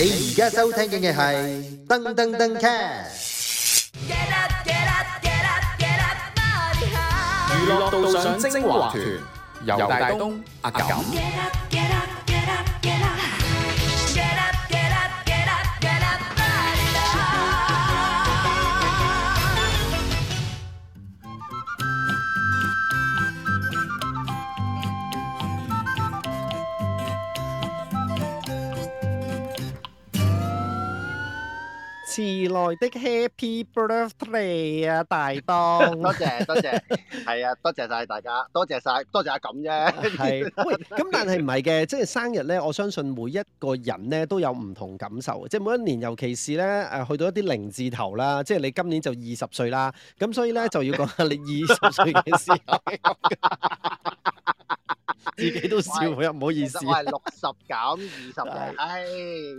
你而家收聽嘅係《噔噔噔 Catch》，娛樂道上精華團，由大東、阿錦。時內的 Happy Birthday 啊，大東！ 多謝多謝，係啊，多謝晒大家，多謝晒，多謝阿錦啫，係。 喂，咁但係唔係嘅，即係生日咧，我相信每一個人咧都有唔同感受，即係每一年，尤其是咧誒去到一啲零字頭啦，即係你今年就二十歲啦，咁所以咧就要講下你二十歲嘅時候。 自己都笑，唔好意思。其實係六十減二十嚟，唉。 哎、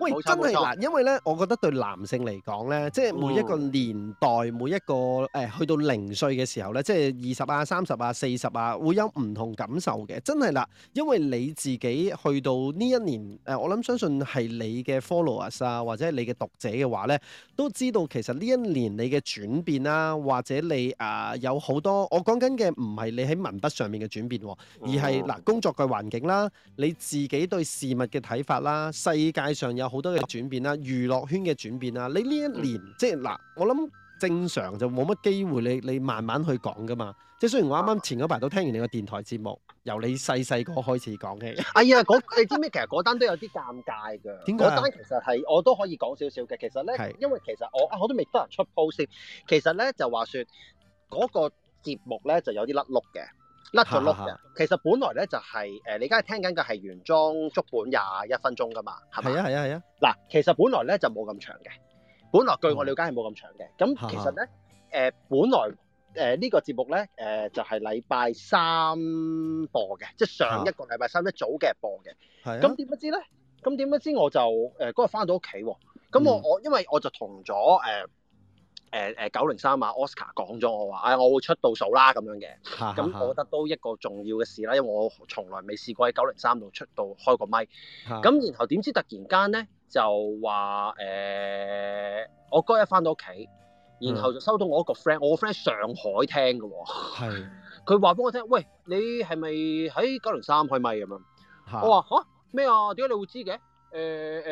喂，真係嗱，因為咧，我覺得對男性嚟講咧，即係每一個年代，嗯、每一個誒、哎，去到零歲嘅時候咧，即係二十啊、三十啊、四十啊，會有唔同感受嘅。真係啦，因為你自己去到呢一年，誒，我諗相信係你嘅 followers 啊，或者你嘅讀者嘅話咧，都知道其實呢一年你嘅轉變啦、啊，或者你啊有好多，我講緊嘅唔係你喺文筆上面嘅轉變，而係嗱。嗯工作嘅環境啦，你自己對事物嘅睇法啦，世界上有好多嘅轉變啦，娛樂圈嘅轉變、嗯、啦，你呢一年即係嗱，我諗正常就冇乜機會你，你你慢慢去講噶嘛。即係雖然我啱啱前嗰排都聽完你個電台節目，由你細細個開始講起。 哎呀，你知唔知？ 其實嗰單都有啲尷尬噶。點解？嗰單其實係我都可以講少少嘅。其實咧，是因為其實我啊，我都未得人出 post。其實咧，就話說嗰個節目咧就有啲甩碌嘅。甩咗碌嘅，其實本來咧就係、是、誒，你而家聽緊嘅係原裝足本廿一分鐘㗎嘛，係咪啊？係啊係啊，嗱，其實本來咧就冇咁長嘅，本來據我了解係冇咁長嘅，咁的其實咧誒、呃，本來誒呢、呃這個節目咧誒、呃、就係、是、禮拜三播嘅，即係上一個禮拜三一的早嘅播嘅，咁點不知咧？咁點不知我就誒嗰日返到屋企喎，咁我我、嗯、因為我就同咗誒。呃誒誒九零三啊，Oscar 講咗我話，哎，我會出到數啦咁樣嘅，咁 我覺得都一個重要嘅事啦，因為我從來未試過喺九零三度出到開個麥，咁 然後點知突然間咧就話誒、欸，我哥一翻到屋企，然後就收到我一個 friend，我個 friend 上海聽嘅喎，佢話俾我聽，喂，你係咪喺九零三開咪咁樣？ 我話嚇咩啊？點解你會知嘅？誒誒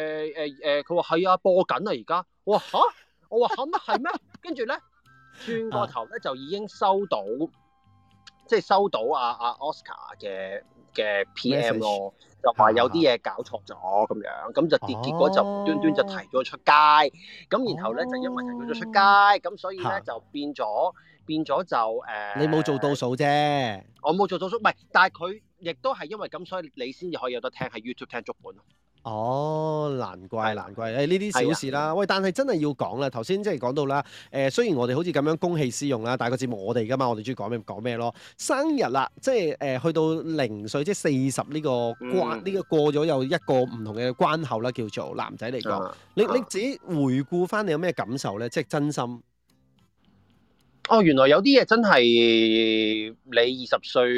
誒誒，佢話係啊，播緊啊而家，我話 我話吓乜係咩？跟住咧，轉個頭咧就已經收到， 即係收到阿、啊、阿、啊、Oscar 嘅嘅 PM 咯，就話有啲嘢搞錯咗咁樣，咁就跌，結果就無端端就提咗出街，咁 然後咧就因為提咗出街，咁所以咧就變咗變咗就誒，你、呃、冇 做倒數啫，我冇做倒數，唔係，但係佢亦都係因為咁，所以你先至可以有得聽喺 YouTube 聽足本咯。哦，難怪難怪誒呢啲小事啦。的喂，但係真係要講啦。頭先即係講到啦，誒雖然我哋好似咁樣公器私用啦，但係個節目我哋㗎嘛，我哋中意講咩講咩咯。生日啦，即係誒、呃、去到零歲，即係四十呢個關呢個過咗又一個唔同嘅關口啦，叫做男仔嚟講，嗯嗯、你你自己回顧翻你有咩感受咧？即係真心哦，原來有啲嘢真係你二十歲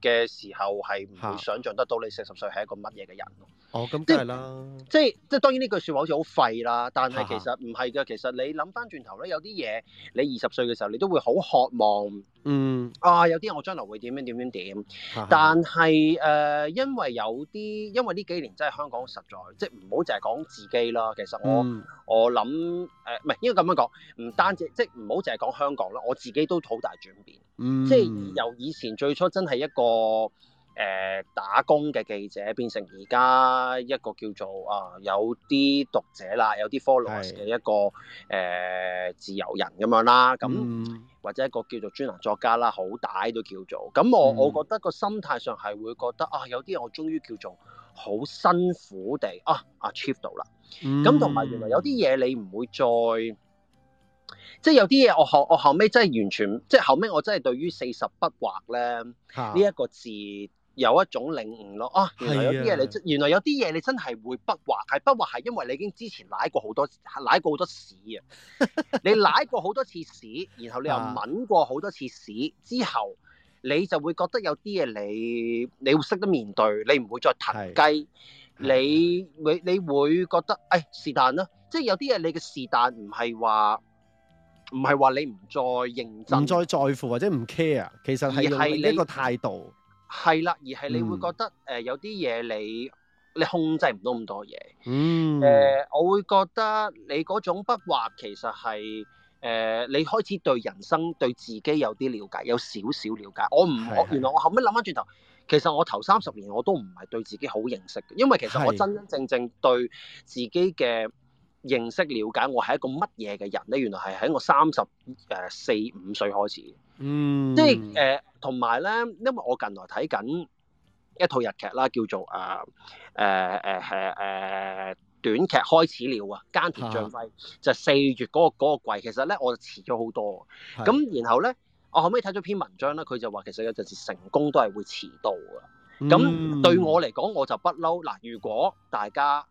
嘅時候係唔會想像得到，你四十歲係一個乜嘢嘅人。哦，咁梗係啦，即係即係當然呢句説話好似好廢啦，但係其實唔係嘅，啊、其實你諗翻轉頭咧，有啲嘢你二十歲嘅時候你都會好渴望，嗯啊有啲人我將來會點樣點點點，啊、但係誒、呃、因為有啲因為呢幾年真係香港實在即係唔好淨係講自己啦，其實我、嗯、我諗誒唔係應該咁樣講，唔單止即係唔好淨係講香港啦，我自己都好大轉變，嗯、即係由以前最初真係一個。誒、呃、打工嘅記者變成而家一個叫做啊有啲讀者啦，有啲 followers 嘅一個誒是、呃、自由人咁樣啦，咁、嗯、或者一個叫做專欄作家啦，好歹都叫做咁我我覺得個心態上係會覺得、嗯、啊有啲嘢我終於叫做好辛苦地啊 achieve 到啦，咁同埋原來有啲嘢你唔會再、嗯、即係有啲嘢我，我後我後尾真係完全即係後尾我真係對於四十不惑咧呢一、啊、個字。有一種領悟咯，啊，原來有啲嘢你，是啊、原來有啲嘢你真係會不惑，係不惑係因為你已經之前拉過好多，拉過好多屎啊！ 你拉過好多次屎，然後你又抿過好多次屎之後，你就會覺得有啲嘢你，你會識得面對，你唔會再騰雞是、啊你，你會你會覺得，哎，是但啦，即係有啲嘢你嘅是但唔係話，唔係話你唔再認真，唔再在乎或者唔 care，其實係呢個態度。係啦，而係你會覺得誒、呃、有啲嘢你你控制唔到咁多嘢。嗯，誒、呃、我會覺得你嗰種不惑其實係誒、呃、你開始對人生對自己有啲了解，有少少了解。我唔我是是原來我後尾諗翻轉頭，其實我頭三十年我都唔係對自己好認識。因為其實我真真正正對自己嘅認識了解，我係一個乜嘢嘅人咧？原來係喺我三十誒四五歲開始。嗯，即係誒，同埋咧，因為我近來睇緊一套日劇啦，叫做啊誒誒誒誒短劇開始了障啊，菅田將暉就係四月嗰、嗰個嗰個季，其實咧我就遲咗好多，咁是然後咧我後尾睇咗篇文章咧，佢就話其實有陣時成功都係會遲到㗎，咁、嗯、對我嚟講我就不嬲，嗱如果大家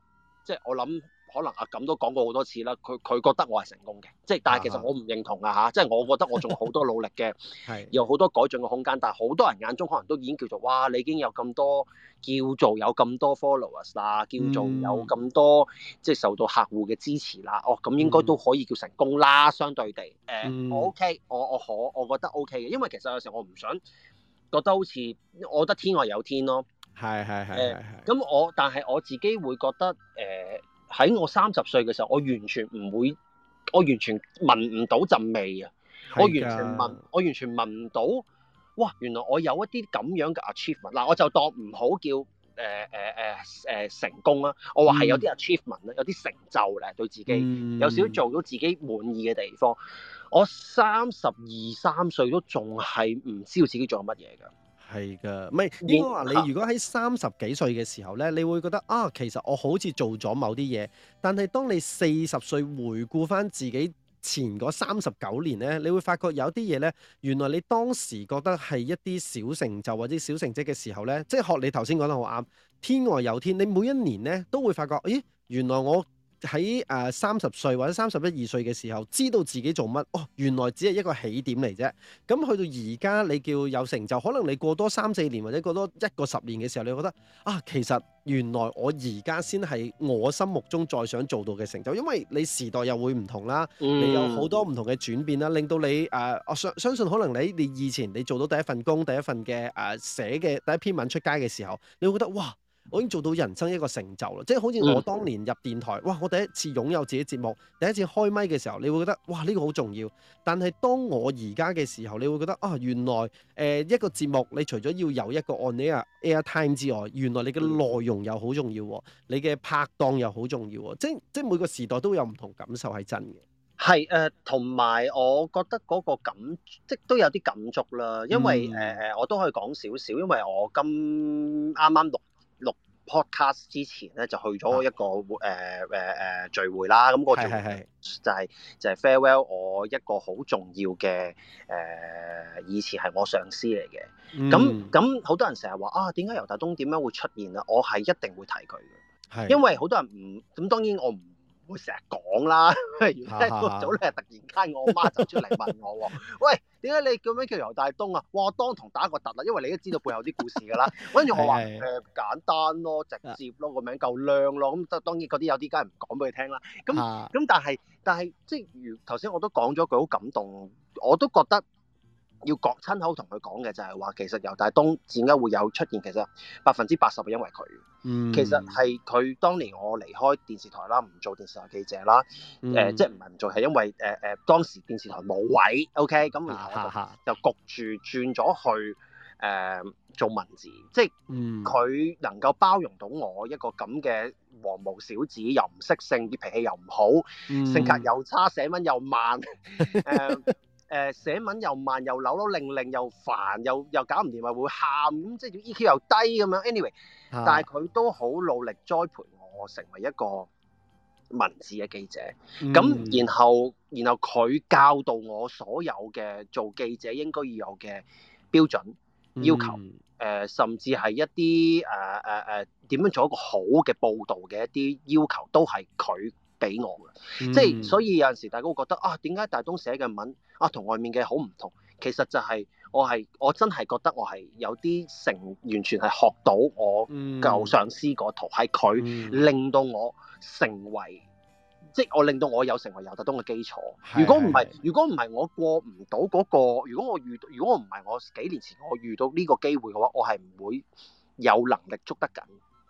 即係我諗。可能阿錦都講過好多次啦，佢佢覺得我係成功嘅，即係但係其實我唔認同啊嚇，即係我覺得我仲好多努力嘅， 有好多改進嘅空間。但係好多人眼中可能都已經叫做哇，你已經有咁多叫做有咁多 followers 啦，叫做有咁多，有多即係受到客戶嘅支持啦。哦，咁應該都可以叫成功啦。相對地，誒、呃 okay，我 OK，我我可我覺得 OK 嘅，因為其實有時候我唔想覺得好似我覺得天外有天咯。係係係。誒，咁我但係我自己會覺得誒。呃喺我三十歲嘅時候，我完全唔會，我完全聞唔到陣味啊！係啊。我完全聞，我完全聞唔到。哇！原來我有一啲咁樣嘅 achievement，嗱，我就當唔好叫誒誒誒誒成功啦。我話係有啲 achievement 啦、嗯，有啲成就咧，對自己有少少做到自己滿意嘅地方。我三十二三歲都仲係唔知道自己做乜嘢㗎。係噶，唔係應該話你如果喺三十幾歲嘅時候呢，你會覺得啊、哦，其實我好似做咗某啲嘢，但係當你四十歲回顧翻自己前嗰三十九年呢，你會發覺有啲嘢呢，原來你當時覺得係一啲小成就或者小成績嘅時候呢，即係學你頭先講得好啱，天外有天，你每一年呢，都會發覺，咦，原來我。喺誒三十歲或者三十一二歲嘅時候，知道自己做乜，哦，原來只係一個起點嚟啫。咁去到而家，你叫有成就，可能你過多三四年或者過多一個十年嘅時候，你會覺得啊，其實原來我而家先係我心目中再想做到嘅成就，因為你時代又會唔同啦，你有好多唔同嘅轉變啦，嗯、令到你誒，我、啊、相相信可能你你以前你做到第一份工、第一份嘅誒、啊、寫嘅第一篇文出街嘅時候，你會覺得哇！我已經做到人生一個成就啦，即係好似我當年入電台，哇！我第一次擁有自己節目，第一次開咪嘅時候，你會覺得哇呢、這個好重要。但係當我而家嘅時候，你會覺得啊、哦，原來誒、呃、一個節目，你除咗要有一個 on air air time 之外，原來你嘅內容又好重要，你嘅拍檔又好重要，即即每個時代都有唔同感受係真嘅。係誒，同、呃、埋我覺得嗰個感即都有啲感觸啦，因為誒誒、嗯呃，我都可以講少少，因為我今啱啱錄。Podcast 之前咧就去咗一個誒誒誒聚會啦，咁、嗯嗯、個聚會就係、是、就係、是、farewell 我一個好重要嘅誒、呃、以前係我上司嚟嘅，咁咁好多人成日話啊點解游大東點樣會出現啊？我係一定會提佢嘅，是因為好多人唔咁當然我唔。我成日講啦，原來一早你係突然間我媽走出嚟問我喎， 喂，點解你叫咩叫游大東啊？哇！我當堂打個突啦，因為你都知道背後啲故事㗎啦。跟住 我話誒、 呃、簡單咯，直接咯，個名夠靚咯。咁當然嗰啲有啲梗係唔講俾佢聽啦。咁、嗯、咁、 嗯嗯、但係但係即係如頭先我都講咗句好感動，我都覺得。要講親口同佢講嘅就係話，其實有，由大東點解會有出現，其實百分之八十係因為佢。嗯、其實係佢當年我離開電視台啦，唔做電視台記者啦。嗯呃、即係唔係唔做，係因為誒誒、呃、當時電視台冇位。O K，咁然後就焗住、啊啊啊、轉咗去誒、呃、做文字。即係佢能夠包容到我一個咁嘅黃毛小子，又唔識性，脾氣又唔好，嗯、性格又差，寫文又慢。呃 誒、呃、寫文又慢又扭扭，令令又煩又又搞唔掂，話會喊咁，即係、e、EQ 又低咁樣。Anyway、啊、但係佢都好努力栽培我成為一個文字嘅記者。咁、嗯、然後然後佢教導我所有嘅做記者應該要有嘅標準要求，誒、嗯呃、甚至係一啲誒誒誒點樣做一個好嘅報導嘅一啲要求都係佢。俾我，即係所以有陣時，大家會覺得啊，點解大東寫嘅文啊，同外面嘅好唔同？其實就係我係我真係覺得我係有啲成完全係學到我舊上司嗰套，係佢、嗯、令到我成為，嗯、即係我令到我有成為游大東嘅基礎。是的 如果唔係，如果唔係我過唔到嗰個，如果我遇到，如果我唔係我幾年前我遇到呢個機會嘅話，我係唔會有能力捉得緊。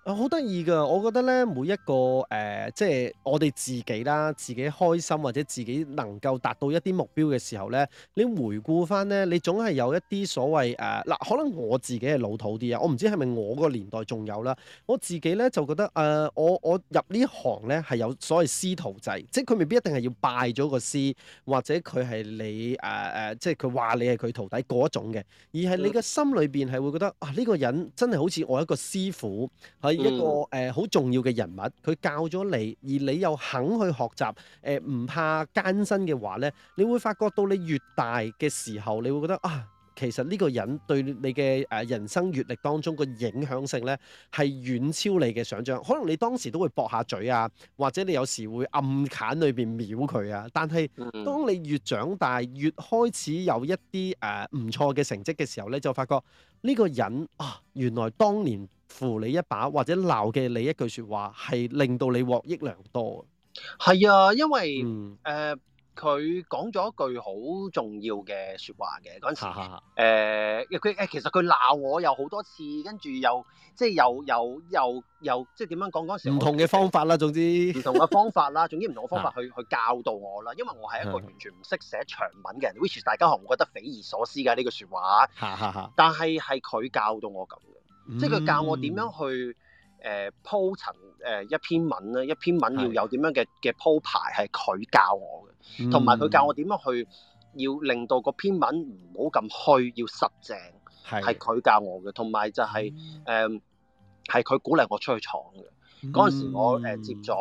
好得意噶！我覺得咧，每一個誒、呃，即係我哋自己啦，自己開心或者自己能夠達到一啲目標嘅時候咧，你回顧翻咧，你總係有一啲所謂誒嗱，可能我自己係老土啲啊，我唔知係咪我個年代仲有啦。我自己咧就覺得誒、呃，我我入呢行咧係有所謂師徒制，即係佢未必一定係要拜咗個師，或者佢係你誒誒、呃，即係佢話你係佢徒弟嗰一種嘅，而係你嘅心裏邊係會覺得啊，呢個人真係好似我一個師傅。係一個誒好、呃、重要嘅人物，佢教咗你，而你又肯去學習，誒、呃、唔怕艱辛嘅話呢，你會發覺到你越大嘅時候，你會覺得啊，其實呢個人對你嘅誒、呃、人生閱歷當中個影響性呢係遠超你嘅想象。可能你當時都會駁下嘴啊，或者你有時會暗砍裏邊秒佢啊。但係當你越長大，越開始有一啲誒唔錯嘅成績嘅時候呢，就發覺呢個人啊，原來當年。扶你一把或者鬧嘅你一句説話，係令到你獲益良多嘅。係啊、嗯，因為誒，佢、呃、講咗一句好重要嘅説話嘅嗰陣時，佢誒、呃、其實佢鬧我又好多次，跟住又即係又又又又即係點樣講嗰時？唔同嘅方法啦，總之唔同嘅方法啦， 總之唔同嘅方法去哈哈去教導我啦，因為我係一個完全唔識寫長文嘅人，which 大家可能會覺得匪夷所思㗎呢句説話。但係係佢教導我咁。即係佢教我點樣去誒鋪、呃、層誒、呃、一篇文咧，一篇文要有點樣嘅嘅鋪排係佢教我嘅，同埋佢教我點樣去要令到個篇文唔好咁虛要實淨係佢的教我嘅，同埋就係誒係佢鼓勵我出去闖嘅。陣、嗯、時我，我、呃、誒接咗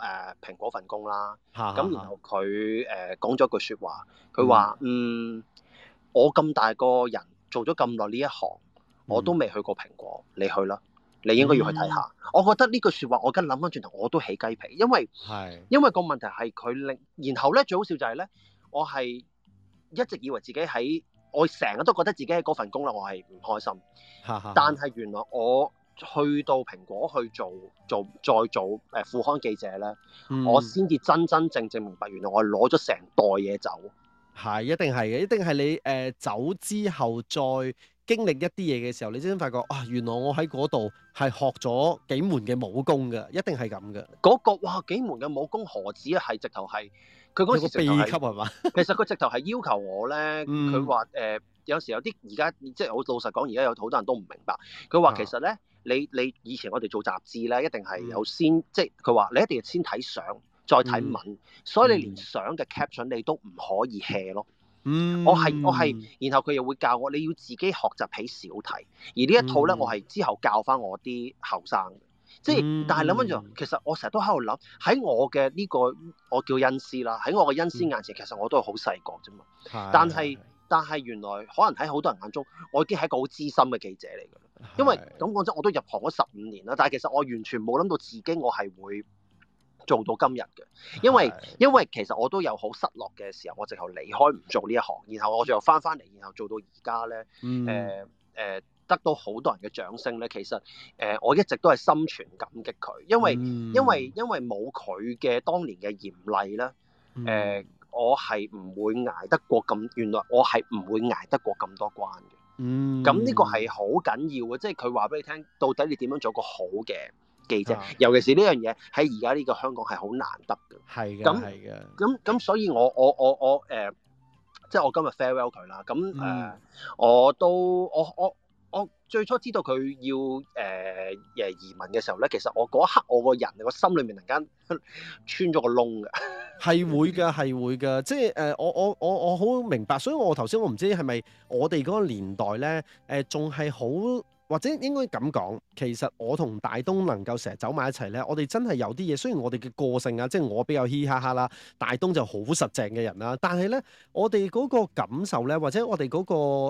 誒蘋果份工啦，咁然後佢誒講咗一句説話，佢話嗯，我咁大個人做咗咁耐呢一行。我都未去過蘋果，你去啦！你應該要去睇下。嗯、我覺得呢句説話，我而家諗翻轉頭，我都起雞皮，因為是因為個問題係佢令，然後咧最好笑就係咧，我係一直以為自己喺我成日都覺得自己喺嗰份工啦，我係唔開心。哈哈，但係原來我去到蘋果去做做，做再做誒、呃、副刊記者咧，嗯、我先至真真正正明白，原來我攞咗成袋嘢走。係，一定係嘅，一定係你誒、呃、走之後再。經歷一啲嘢嘅時候，你先發覺啊，原來我喺嗰度係學咗幾門嘅武功嘅，一定係咁嘅。嗰、那個哇，幾門嘅武功何止係、啊、直頭係？佢嗰時直頭係。個秘笈係嘛？ 其實佢直頭係要求我咧。佢話誒，有時有啲而家即係我老實講，而家有好多人都唔明白。佢話其實咧，啊、你你以前我哋做雜誌咧，一定係有先，即係佢話你一定係先睇相，再睇文，嗯、所以你連相嘅 caption 你都唔可以 hea 咯。嗯，我係我係，然後佢又會教我，你要自己學習起小題。而呢一套呢，嗯、我係之後教翻我啲後生。嗯、即係，但係諗翻轉，其實我成日都喺度諗，喺我嘅呢、這個我叫恩師啦，喺我嘅恩師眼前，嗯、其實我都係好細個啫嘛。但係是的 但係原來可能喺好多人眼中，我已經係一個好資深嘅記者嚟㗎。因為噉講真，我都入行咗十五年啦，但係其實我完全冇諗到自己我係會。做到今日嘅，因為，因為其實我都有好失落嘅時候，我直頭離開唔做呢一行，然後我仲又翻翻嚟，然後做到而家咧，誒誒、嗯呃呃、得到好多人嘅掌聲咧，其實誒、呃、我一直都係心存感激佢，因為、嗯、因為因為冇佢嘅當年嘅嚴厲咧、誒、呃嗯、我係唔會捱得過咁，原來我係唔會捱得過咁多關嘅。嗯，咁呢個係好緊要嘅，即係，佢話俾你聽到底你點樣做個好嘅？記者，啊、尤其是呢樣嘢喺而家呢個香港係好難得嘅。係嘅的，咁咁咁，的所以我我我我誒、呃，即係我今日 farewell 佢啦。咁、呃、誒、嗯，我都我我我最初知道佢要誒誒、呃、移民嘅時候咧，其實我嗰一刻我個人個心裏面突然間穿咗個窿嘅。係 會㗎，係會㗎。即係誒、呃，我我我我好明白，所以我頭先我唔知係咪我哋嗰個年代咧誒，仲係好。或者應該咁講，其實我同大東能夠成日走埋一齊咧，我哋真係有啲嘢。雖然我哋嘅個性啊，即係我比較嘻哈哈啦，大東就好實淨嘅人啦。但係咧，我哋嗰個感受咧，或者我哋嗰個誒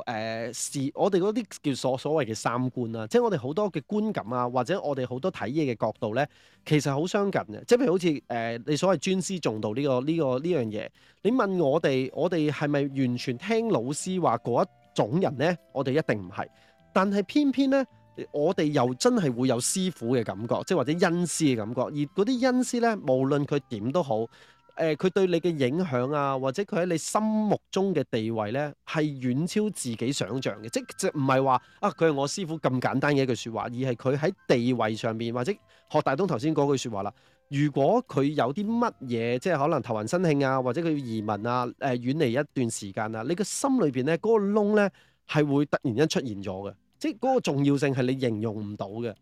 視、呃，我哋嗰啲叫所所謂嘅三觀啊，即係我哋好多嘅觀感啊，或者我哋好多睇嘢嘅角度咧，其實好相近嘅。即係譬如好似誒、呃，你所謂尊師重道呢、呢個呢、呢個呢樣嘢，你問我哋，我哋係咪完全聽老師話嗰一種人咧？我哋一定唔係。但係偏偏咧，我哋又真係會有師傅嘅感覺，即係或者恩師嘅感覺。而嗰啲恩師咧，無論佢點都好，誒、呃、佢對你嘅影響啊，或者佢喺你心目中嘅地位咧，係遠超自己想像嘅。即係唔係話啊佢係我師傅咁簡單嘅一句説話，而係佢喺地位上邊，或者學大東頭先嗰句説話啦。如果佢有啲乜嘢，即係可能頭暈身慶啊，或者佢要移民啊，誒、呃、遠離一段時間啊，你心裡面呢、那個心裏邊咧嗰個窿咧係會突然間出現咗嘅。即係個重要性係你形容唔到嘅，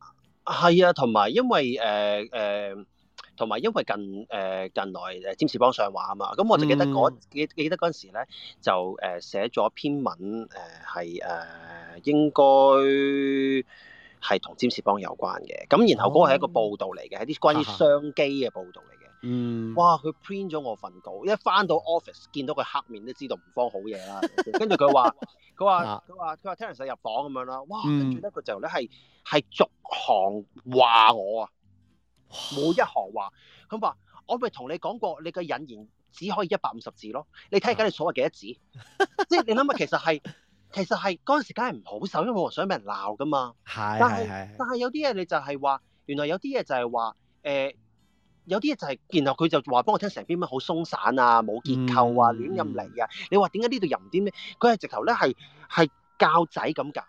係啊，同埋因為誒誒同埋因為近誒、呃、近來誒詹士邦上畫啊嘛，咁我就記得嗰記、嗯、記得陣時咧就誒寫咗篇文誒係誒應該係同詹士邦有關嘅，咁然後個係一個報道嚟嘅，係啲、哦、關於商機嘅報道嚟。嗯哇 ice, 哇！佢 print 咗我份稿，一翻到 office 見到佢黑面，都知道唔慌好嘢啦。跟住佢話，佢話佢話佢話 Terrence 入房咁樣啦。哇！跟住咧，佢就咧係係逐行話我啊，冇一行話佢話我咪同你講過，你嘅引言只可以一百五十字咯。你睇下而家你數咗幾多字， 即係你諗下，其實係其實係嗰陣時梗係唔好受，因為我想俾人鬧噶嘛。係係係。但係有啲嘢你就係話，原來有啲嘢就係話誒。有啲嘢就係、是，然後佢就話幫我聽成篇咩好鬆散啊，冇結構啊，亂咁嚟啊。嗯、你話點解呢度又唔啲咩？佢係直頭咧，係係教仔咁教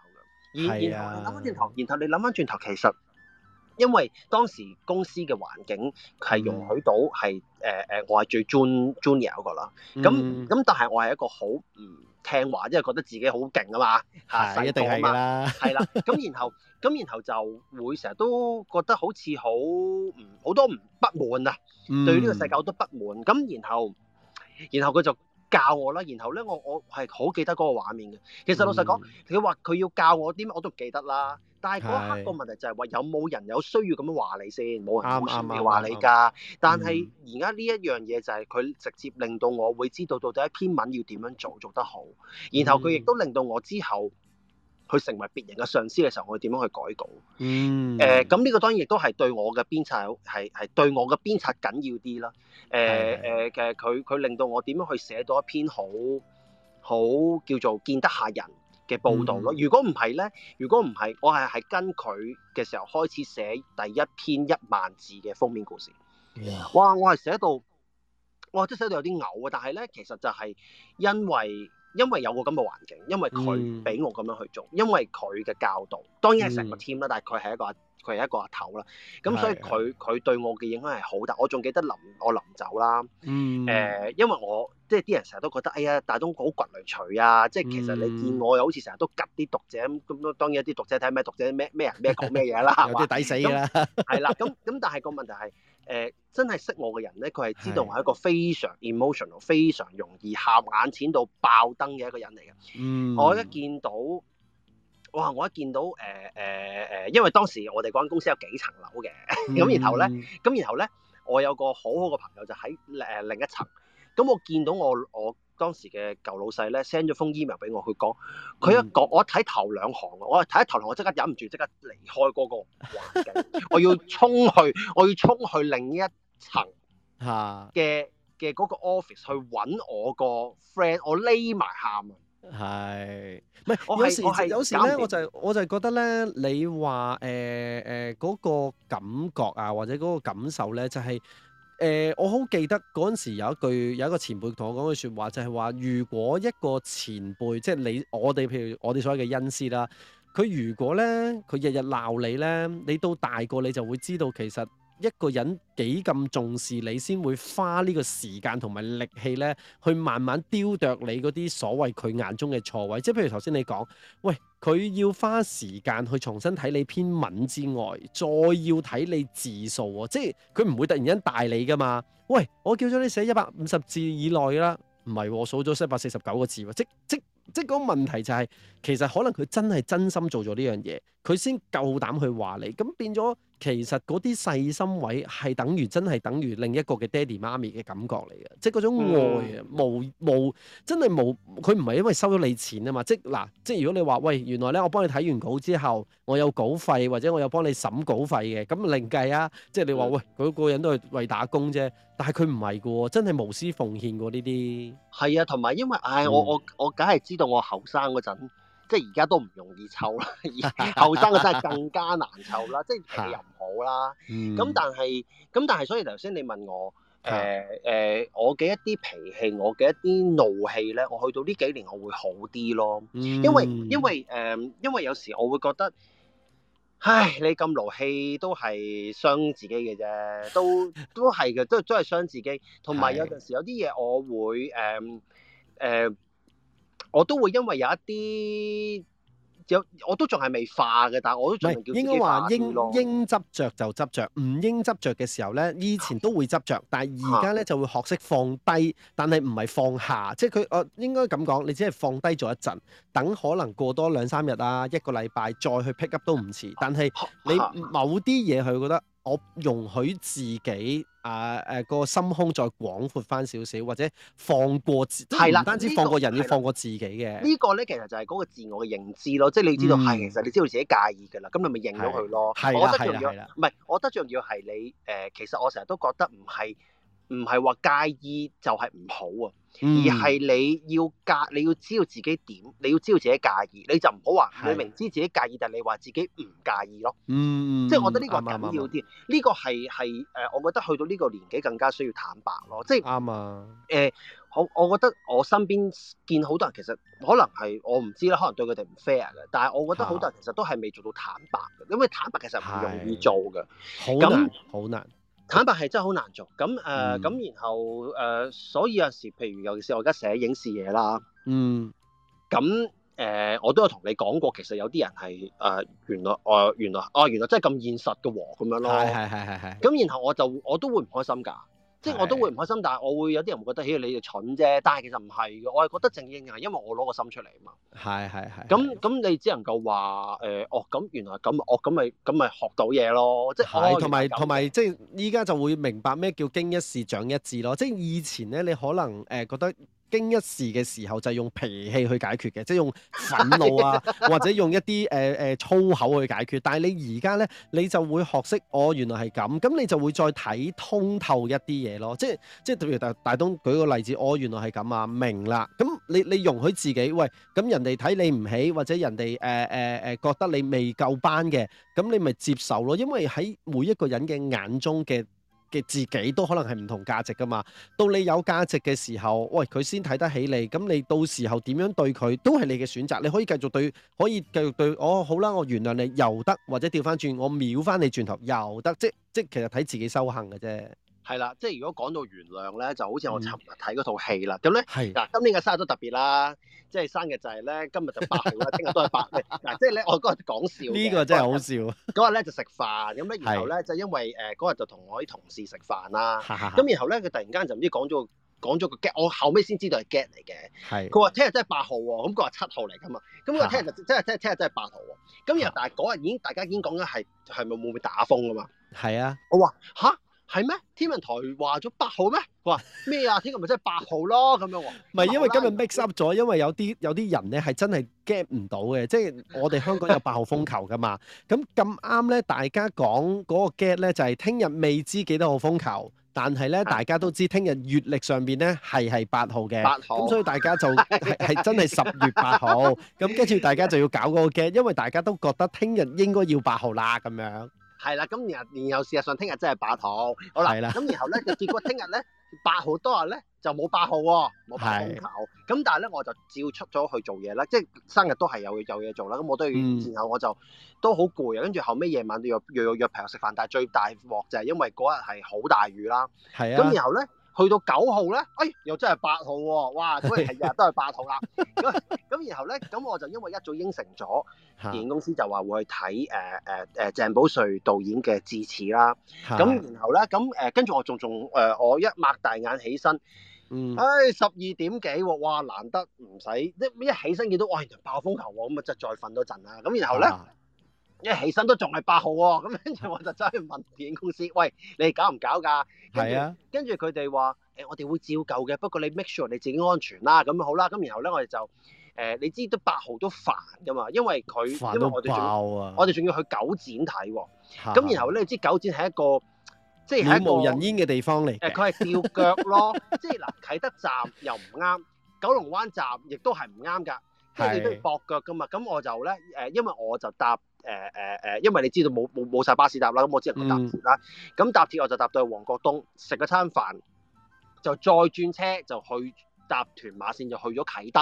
嘅。然後諗翻轉頭，然後你諗翻轉頭，其實因為當時公司嘅環境係容許到係誒誒，我係最 jun, junior、嗯嗯、是是一個啦。咁咁，但係我係一個好嗯。聽話，因為覺得自己好勁啊嘛，嚇的！一定係啦， 係啦。咁然後，咁然後就會成日都覺得好似好唔好多唔不滿啊，對呢個世界好多不滿。咁、嗯、然後，然後佢就教我啦。然後咧，我我係好記得嗰個畫面嘅。其實老實講，佢話佢要教我啲乜，我都記得啦。但係嗰刻個問題就係話有冇人有需要咁樣話你先，冇人冇需要話你㗎、嗯。你但係而家呢一樣嘢就係佢直接令到我會知道到底一篇文要點樣做做得好，然後佢亦都令到我之後去成為別人嘅上司嘅時候，我點樣去改稿、嗯呃？嗯，誒、嗯，咁、嗯、呢、呃、個當然亦都係對我嘅鞭策係係對我嘅鞭策緊要啲啦。誒誒誒，佢佢、嗯呃呃、令到我點樣去寫到一篇好好，好叫做見得下人，嘅報道咯，如果唔係咧，如果唔係，我係係跟佢嘅時候開始寫第一篇一萬字嘅封面故事。Yeah. 哇，我係寫到，我係真係寫到有啲嘔啊！但係咧，其實就係因為。因為有個咁嘅環境，因為佢俾我咁樣去做，嗯、因為佢嘅教導，當然係成個 team 啦，嗯、但係佢係一個佢係一個阿頭啦，咁、嗯、所以佢佢是的 對我嘅影響係好大。我仲記得臨我臨走啦，誒、嗯呃，因為我即係啲人成日都覺得，哎呀，大東好掘雷除啊，即係其實你見我又好似成日都拮啲讀者咁，咁當然啲讀者睇咩讀者咩咩人咩講咩嘢啦， 有啲抵死啦、 嗯，係啦，咁咁但係個問題係。誒、呃、真係識我嘅人咧，佢係知道我係一個非常 emotional 的、非常容易喊眼淺到爆燈嘅一個人嚟嘅。嗯、我一見到，哇！我一見到誒誒誒，因為當時我哋嗰間公司有幾層樓嘅，咁 然後咧呢，咁、嗯、然後咧，我有個好好嘅朋友就喺誒另一層，咁我見到我我。當時嘅舊老細咧，send 咗封 email 俾我，佢講佢一講，我睇頭兩行，我睇頭兩行，我即刻忍唔住，即刻離開嗰個環境，我要衝去，我要衝去另一層嘅嘅嗰個 office 去揾我個 friend，我匿埋喊啊！係，唔係？有時有時咧，我就係我就係覺得咧，你話誒誒嗰個感覺啊，或者嗰個感受咧，就係。誒、呃，我好記得嗰陣時有一句有一個前輩同我講句説話，就說，就係、是、話，如果一個前輩即係你我哋譬如我哋所謂嘅恩師啦，佢如果咧佢日日鬧你咧，你到大個你就會知道其實一個人幾咁重視你先會花呢個時間同埋力氣咧，去慢慢雕琢你嗰啲所謂佢眼中嘅錯位，即係譬如頭先你講，喂。佢要花時間去重新睇你篇文之外，再要睇你字數喎，即係佢唔會突然間大你㗎嘛。喂，我叫咗你寫一百五十字以內啦，唔係、啊，我數咗七百四十九個字喎。即即即個問題就係、是，其實可能佢真係真心做咗呢樣嘢，佢先夠膽去話你，咁變咗。其實嗰啲細心位係等於真係等於另一個嘅爹哋媽咪嘅感覺嚟嘅，即係嗰種愛啊、嗯，無真無真係無，佢唔係因為收咗你錢啊嘛，即嗱，即係如果你話，喂，原來咧，我幫你睇完稿之後，我有稿費或者我有幫你審稿費嘅，咁另計啊，即係你話、嗯、喂嗰、嗰個人都係為打工啫，但係佢唔係噶，真係無私奉獻過呢啲。係啊，同埋因為唉、哎，我我我梗係知道我後生嗰陣。即係而家都唔容易湊啦，後生嘅真係更加難湊啦， 即係脾氣又唔好啦。咁、嗯、但係，咁但係，所以頭先你問我，誒誒、嗯呃呃，我嘅一啲脾氣，我嘅一啲怒氣咧，我去到呢幾年，我會好啲咯、嗯因，因為因為誒，因為有時我會覺得，唉，你咁怒氣都係傷自己嘅啫，都都係嘅，都都係傷自己。同埋有陣時有啲嘢，我會誒誒。呃呃我都會因為有一啲有，我都仲係未化嘅，但係我都仲叫自己化咯。應該話應，應執著就執着，唔應執着嘅時候咧，以前都會執着，但係而家咧就會學識放低。但係唔係放下，即係佢我應該咁講，你只係放低咗一陣，等可能過多兩三日啊，一個禮拜再去 pick up 都唔遲。但係你某啲嘢，佢覺得。我容許自己啊誒、啊、個心胸再廣闊翻少少，或者放過自己，即係唔單止放過人，的要放過自己嘅。這個、呢個咧其實就係嗰個自我嘅認知咯，即係你知道係、嗯、其實你知道自己介意㗎啦，咁你咪認咗佢咯。我覺得仲要唔係，我覺得仲要係你誒，其實我成日都覺得唔係。唔係話介意就係唔好啊，而係你要介，你要知道自己點，你要知道自己介意，你就唔好話你明知自己介意，但你話自己唔介意咯。嗯嗯，即係我覺得呢個緊要啲，呢個係係誒，我覺得去到呢個年紀更加需要坦白咯。即係啱啊。誒，我我覺得我身邊見好多人其實可能係我唔知啦，可能對佢哋唔 fair 嘅，但係我覺得好多人其實都係未做到坦白嘅，因為坦白其實唔容易做嘅，好難，好難。坦白係真係好難做，咁誒咁然後誒、呃，所以有時譬如尤其是我而家寫影視嘢啦，嗯，咁、呃、誒我都有同你講過，其實有啲人係誒、呃、原來誒、呃、原來哦、啊、原來真係咁現實嘅喎咁樣咯，係係係係係，咁然後我就我都會唔開心㗎。即係我都會唔開心，是的 但係我會有啲人會覺得，咦的，你哋蠢啫。但係其實唔係嘅，我係覺得正應係因為我攞個心出嚟啊嘛。係係係。咁咁，你只能夠話誒，哦，咁原來咁，哦，咁咪咁咪學到嘢咯。即係同埋同埋，即係依家就會明白咩叫經一事長一智咯。即係以前咧，你可能誒、呃、覺得。經一事嘅時候就係、是、用脾氣去解決嘅，即、就、係、是、用憤怒啊， 或者用一啲誒誒粗口去解決。但係你而家咧，你就會學識，哦，原來係咁，咁你就會再睇通透一啲嘢咯。即係即係，譬如大大東舉個例子，我、哦、原來係咁啊，明啦。咁你你容許自己，喂，咁人哋睇你唔起，或者人哋誒誒誒覺得你未夠班嘅，咁你咪接受咯。因為喺每一個人嘅眼中嘅。嘅自己都可能係唔同價值噶嘛，到你有價值嘅時候，喂，佢先睇得起你，咁你到時候點樣對佢都係你嘅選擇，你可以繼續對，可以繼續對，哦，好啦，我原諒你又得，或者調翻轉，我秒翻你轉頭又得，即即其實睇自己修行嘅啫。係啦，即係如果講到原諒咧，就好似我尋日睇嗰套戲啦。咁咧，嗱，今年嘅生日都特別啦，即係生日就係咧，今日就八號啦，聽日都係八嗱，即係咧，我嗰日講笑，呢個真係好笑。嗰日咧就食飯，咁咧然後咧就因為誒嗰日就同我啲同事食飯啦，咁然後咧佢突然間就唔知講咗講咗個 get，我後尾先知道係 get 嚟嘅。係。佢話聽日真係八號喎，咁佢話七號嚟㗎嘛，咁我聽日就真係聽日聽日真係八號。咁然後但係嗰日已經大家已經講緊係係咪會唔會打風啊嘛？係啊。我話吓。係咩？天文台話咗八號咩？佢話咩啊？聽日咪真係八號咯咁樣喎。唔係因為今日 mix up 咗，因為有啲有啲人咧係真係 get 唔到嘅。即係我哋香港有八號風球噶嘛。咁咁啱咧，大家講嗰個 get 咧就係聽日未知幾多號風球，但係咧大家都知聽日月曆上邊咧係係八號嘅。八號。咁所以大家就係係真係十月八號。咁跟住大家就要搞嗰個 get，因為大家都覺得聽日應該要八號啦咁樣。係啦，咁然後，然後事實上聽日真係八號，好啦。咁是的 然後咧，結果聽日咧八號多日咧就冇八號喎、哦，冇風球。咁是的 但係咧，我就照出咗去做嘢啦，即係生日都係有有嘢做啦。咁我都要，然後我就，嗯、我就都好攰啊。跟住後尾夜晚要要約約約朋友食飯，但係最大鑊就係因為嗰日係好大雨啦。係啊，咁然後咧。去到九號咧，哎，又真係八號喎、哦，哇！所以係日都係八號啦。咁咁 然後咧，咁我就因為一早應承咗電影公司就話會去睇誒誒誒鄭保瑞導演嘅智齒啦。咁 然後咧，咁誒、呃、跟住我仲仲誒我一擘大眼起身，嗯，哎，十二點幾喎、哦，哇難得唔使一一起身，見到我原來爆風球喎、哦，咁啊，真再瞓多陣啦。咁然後咧。 一起身都仲係八號喎、哦，咁跟住我就走去問電影公司，喂，你哋搞唔搞㗎？係啊。跟住佢哋話，誒、哎，我哋會照舊嘅，不過你 make sure 你自己安全啦、啊，咁好啦。咁然後咧，我哋就誒、呃，你知都八號都煩㗎嘛，因為佢、啊、因為我哋仲我哋仲要去九展睇喎、哦，咁哈然後咧，你知九展係一個即係冇人煙嘅地方嚟嘅。佢係、呃、吊腳咯，即係嗱，啟德站又唔啱，九龍灣站亦都係唔啱㗎，佢哋 都要駁腳㗎嘛。咁我就咧誒，因為我就搭。誒誒誒，因為你知道冇冇冇曬巴士搭啦，咁我只能搭鐵啦。咁、嗯、搭鐵我就搭到黃國東食咗餐飯，就再轉車就去搭屯馬線，就去咗啟德，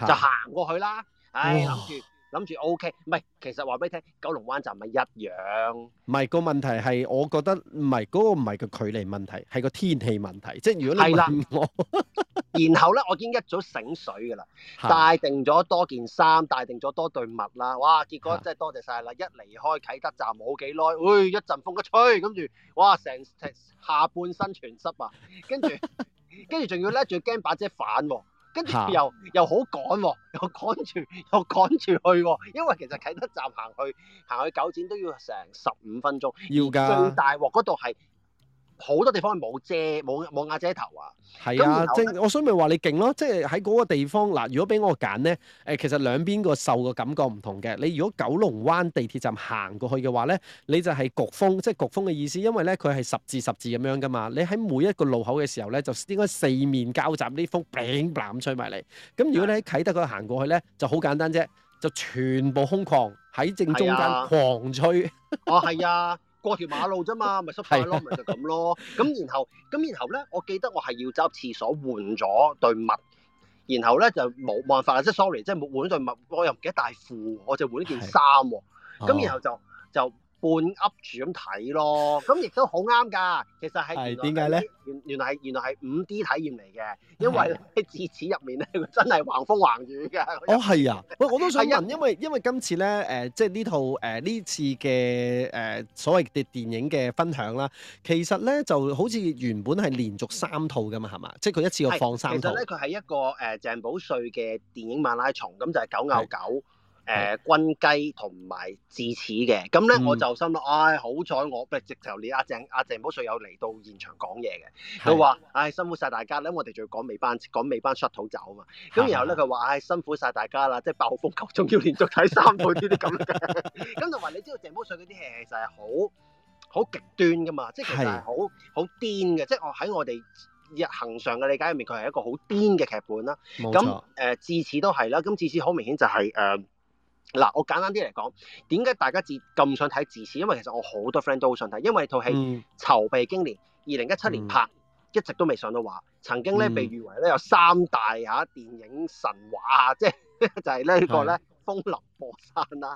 啊、就行過去啦。唉，諗住哇。諗住 OK，唔係，其實話俾你聽，九龍灣站咪一樣。唔係，個問題係，我覺得唔係嗰個唔係個距離問題，係個天氣問題。即係如果你係啦，的 然後咧我已經一早醒水㗎啦，帶的定咗多件衫，帶定咗多對襪啦。哇！結果真係多謝晒啦，的一離開啟德站冇幾耐，誒、哎、一陣風一吹，跟住哇成成下半身全濕啊，跟住跟住仲要咧最驚把遮反喎。跟住又又好趕喎，喔，又趕住又趕住去喎，喔，因為其實啟德站行去行去九展都要成十五分鐘，要㗎！而最大鑊嗰度係。好多地方冇遮冇冇瓦遮頭啊！係啊，即我所以咪話你勁咯，即係喺嗰個地方嗱。如果俾我揀咧，誒，其實兩邊個受嘅感覺唔同嘅。你如果九龍灣地鐵站行過去嘅話咧，你就係焗風，即係焗風嘅意思，因為咧佢係十字十字咁樣噶嘛。你喺每一個路口嘅時候咧，就應該四面交集啲風 b a 吹埋嚟。咁如果你喺啟德嗰度行過去咧，就好簡單啫，就全部空曠喺正中間狂吹。啊、哦，係啊。 過條馬路啫嘛，咪濕曬咯，咪就咁咯。咁然後，咁然後咧，我記得我係要走入廁所換咗對襪，然後咧就冇辦法啦。即係 sorry，即係冇換咗對襪，我又唔記得帶褲，我就換咗件衫。咁、oh. 然後就就。半 up 住咁睇咯，咁亦都好啱噶。其實係點解咧？原原來係原來係五 D 體驗嚟嘅，因為智齒的入面咧真係橫風橫雨嘅。哦，係啊，喂，我都想問，的因為因為今次咧誒、呃，即係呢套誒呢、呃、次嘅誒、呃、所謂嘅電影嘅分享啦，其實咧就好似原本係連續三套噶嘛，係嘛？即係佢一次過放三套咧。佢係一個誒、呃、鄭保瑞嘅電影馬拉，拉松，咁就係九牛九。誒、嗯呃、軍雞同埋智齒嘅，咁咧我就心諗，唉、哎，好彩我唔係直頭連阿鄭阿、啊、鄭保瑞有嚟到現場講嘢嘅，佢話是的，唉、哎，辛苦晒大家，咁我哋仲要趕尾班趕尾班 shut s h o t 肚走啊嘛，咁然後咧佢話，唉、哎，辛苦晒大家啦，即係暴風球仲要連續睇三部呢啲咁，咁、 嗯、就話、是、你知道鄭保瑞嗰啲戲其實係好好極端噶嘛，即係其實係好好癲嘅，即係我喺我哋日行上嘅理解入面，佢係一個好癲嘅劇本啦，咁誒智齒都係啦，咁智齒好明顯就係誒。呃嗱，我簡單啲嚟講，點解大家至咁想睇智齒？因為其實我好多 friend 都好想睇，因為套戲籌備經年，二零一七年拍，嗯、一直都未上到畫。曾經咧，被譽為咧有三大嚇、啊、電影神話 的啊，即係就係呢個咧《風林火山》啦。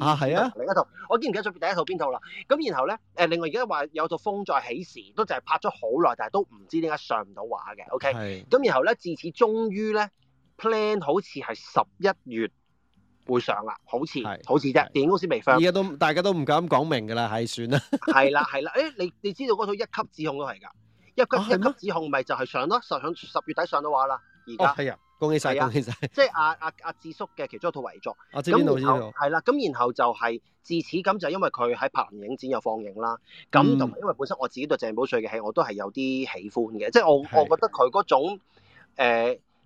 啊，係啊，另一套。我記唔記得最第一套邊套啦？咁然後咧，誒，另外而家話有套《風再起時》，都就係拍咗好耐，但係都唔知點解上唔到畫嘅。OK，咁的然後咧，智齒終於咧，plan 好似係十一月。會上啦，好似好似啫，電影公司未翻。而家都大家都唔敢講明㗎啦，係算啦。係啦係啦，誒你你知道嗰套一級指控都係㗎，一級一級指控咪就係上咯，十上十月底上到畫啦。而家係啊，恭喜晒恭喜晒，即係阿阿阿智叔嘅其中一套遺作。我知邊啦，咁然後就係智齒，咁就因為佢喺柏林影展有放映啦，咁同埋因為本身我自己對鄭保瑞嘅戲我都係有啲喜歡嘅，即係我我覺得佢嗰種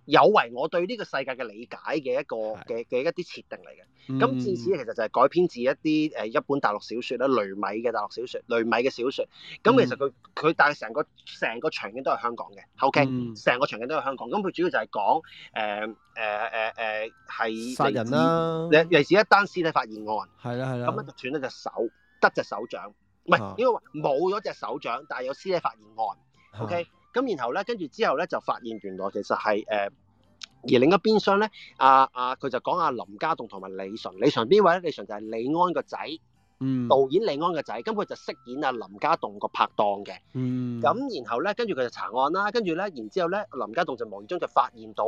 有為我對呢個世界嘅理解嘅一個嘅嘅一啲設定嚟嘅，咁智齒，嗯、其實就係改編自一啲誒一本大陸小説啦，雷米嘅大陸小説，雷米嘅小説。咁其實佢佢但係成個成個場景都係香港嘅，OK，成、嗯、個場景都係香港。咁佢主要就係講誒誒誒誒係殺人啦、啊，類似一單屍體發現案，係啦係啦，咁樣就斷咗隻手，得隻手掌，唔係，嗯、因為冇咗隻手掌，但係有屍體發現案，OK、嗯。咁然後咧，跟住之後咧，就發現原來其實係誒、uh，而另一邊廂咧，阿阿佢就講阿林家棟同埋李淳，李淳邊位咧？李淳就係李安個仔，嗯，導演李安個仔，根本、嗯、就飾演阿林家棟個拍檔嘅，咁、嗯、然後咧，跟住佢就查案啦，跟住咧，然之後咧，林家棟就無意中就發現到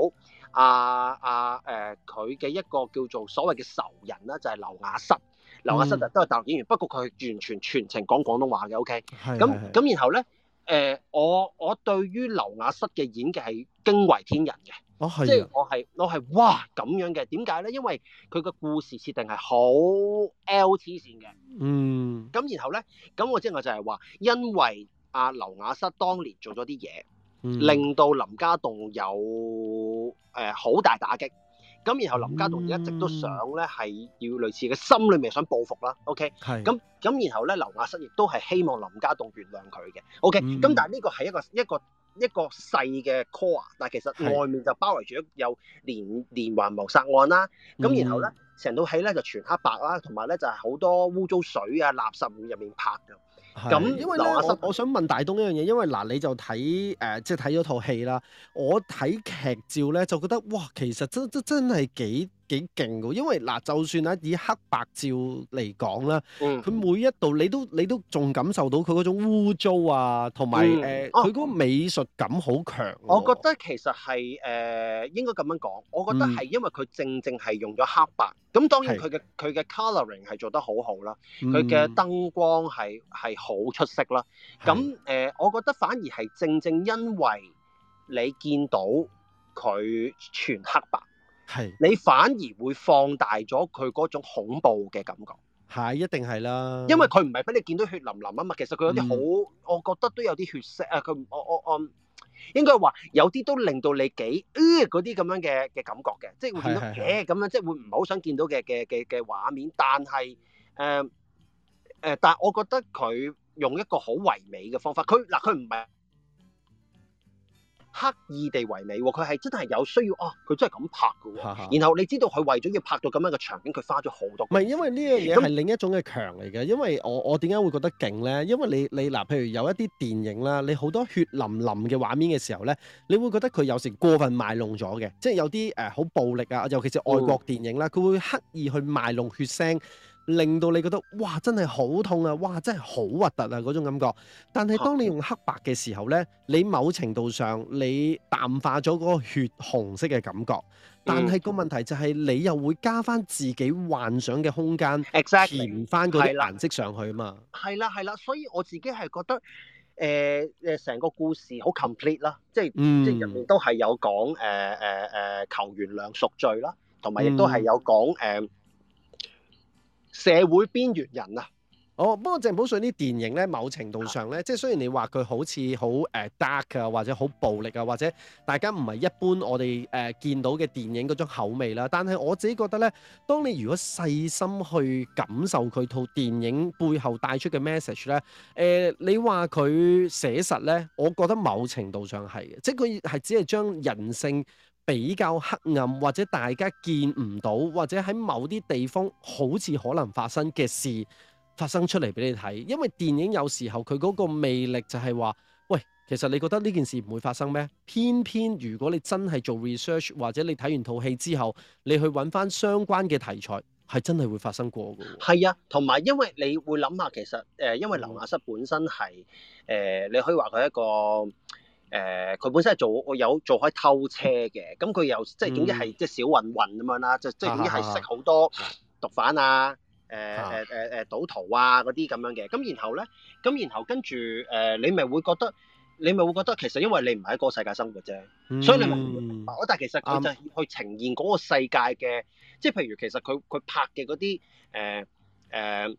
阿阿誒佢嘅一個叫做所謂嘅仇人啦，就係、是、劉雅瑟，劉雅瑟就都係大陸演員，不過佢完全全程講廣東話嘅，OK。咁輝咁琉手，然後咧。誒、呃、我我對於劉雅瑟嘅演技係驚為天人嘅，哦啊、即係我係我係哇咁樣嘅，點解呢？因為佢嘅故事設定係好 L 黐線嘅，嗯，咁然後呢，咁我即係就係話，因為阿、啊、劉雅瑟當年做咗啲嘢，嗯、令到林家棟有誒好、呃、大打擊。咁然後林家棟一直都想咧係要類似嘅心裏面想報復啦，OK，係咁咁然後咧劉雅瑟亦都係希望林家棟原諒佢嘅，OK，咁、嗯、但係呢個係一個一個一個細嘅 core，但係其實外面就包圍住有連是連環謀殺案啦，咁然後咧成套戲咧就全黑白啦，同埋咧就係、是、好多污糟水啊垃圾湖入面拍嘅。咁，那因為咧，我我，我想問大東一樣嘢，因為嗱，你就睇誒，呃，即係睇咗套戲啦，我睇劇照咧，就覺得哇，其實真真真係幾～幾勁㗎，因為嗱，就算啊，以黑白照嚟講啦，佢、嗯、每一度你都你都仲感受到佢嗰種污糟啊，同埋誒，佢嗰個美術感好強。我覺得其實係誒、呃、應該咁樣講，我覺得係因為佢正正係用咗黑白，咁、嗯、當然佢嘅佢嘅的 colouring 係做得好好啦，佢嘅、嗯、燈光係係好出色啦。咁誒的、呃，我覺得反而係正,正正因為你見到佢全黑白。係，你反而會放大咗佢嗰種恐怖嘅感覺。係，一定係啦。因為佢唔係俾你見到血淋淋啊嘛，其實佢有啲好，嗯、我覺得都有啲血色啊。佢我我我、嗯、應該話有啲都令到你幾嗰啲咁樣嘅嘅感覺嘅，即係會見到嘅咁樣，即係會唔係好想見到嘅嘅嘅嘅畫面。但係誒誒，但係我覺得佢用一個好唯美嘅方法，佢嗱佢唔係。刻意地唯美，佢係真係有需要哦，佢真係咁拍嘅。 然後你知道佢為咗要拍到咁樣嘅場景，佢花咗好多。唔係因為呢樣嘢係另一種嘅強嚟嘅，因為我我點解會覺得勁咧？因為你你嗱，譬如有一啲電影啦，你好多血淋淋嘅畫面嘅時候咧，你會覺得佢有時過分賣弄咗嘅，即係有啲誒好暴力啊，尤其是外國電影啦，佢會刻意去賣弄血腥。令到你覺得哇，真係好痛啊！哇，真係好核突啊！嗰種感覺。但係當你用黑白嘅時候呢，嗯、你某程度上你淡化咗嗰個血紅色嘅感覺。但係個問題就係你又會加翻自己幻想嘅空間，填翻個顏色上去嘛？係啦係啦，所以我自己係覺得，誒、嗯、誒，成個故事好 complete 啦，即係即係入面都係有講誒誒求原諒、贖罪啦，同埋亦都係有講誒。社會邊緣人啊！哦，不過鄭保瑞啲電影咧，某程度上咧，的即係雖然你話佢好似好誒 dark 啊，或者好暴力啊，或者大家唔係一般我哋誒見到嘅電影嗰種口味啦、啊，但係我自己覺得咧，當你如果細心去感受佢套電影背後帶出嘅 message 咧，誒、呃，你話佢寫實咧，我覺得某程度上係嘅，即係佢係只係將人性。比較黑暗或者大家見唔到或者喺某啲地方好似可能發生嘅事發生出嚟俾你睇，因為電影有時候佢嗰個魅力就係話，喂，其實你覺得呢件事唔會發生咩？偏偏如果你真係做 research 或者你睇完套戲之後，你去搵返相關嘅題材，係真係會發生過噶。係啊，同埋因為你會諗下，其實誒、呃，因為劉雅瑟本身係誒、呃，你可以話佢一個。誒，佢、呃、本身係做，我有做開偷車嘅，咁佢又即係總之係、嗯、即係小混混咁樣啦，就即係總之係識好多毒販啊，誒誒誒誒賭徒啊嗰啲咁樣嘅，咁然後咧，咁然後跟住誒、呃，你咪會覺得，你咪會覺得其實因為你唔喺嗰個世界生活啫，嗯、所以你咪，我但其實佢就去呈現嗰個世界嘅，嗯、即係譬如其實佢佢拍嘅嗰啲誒誒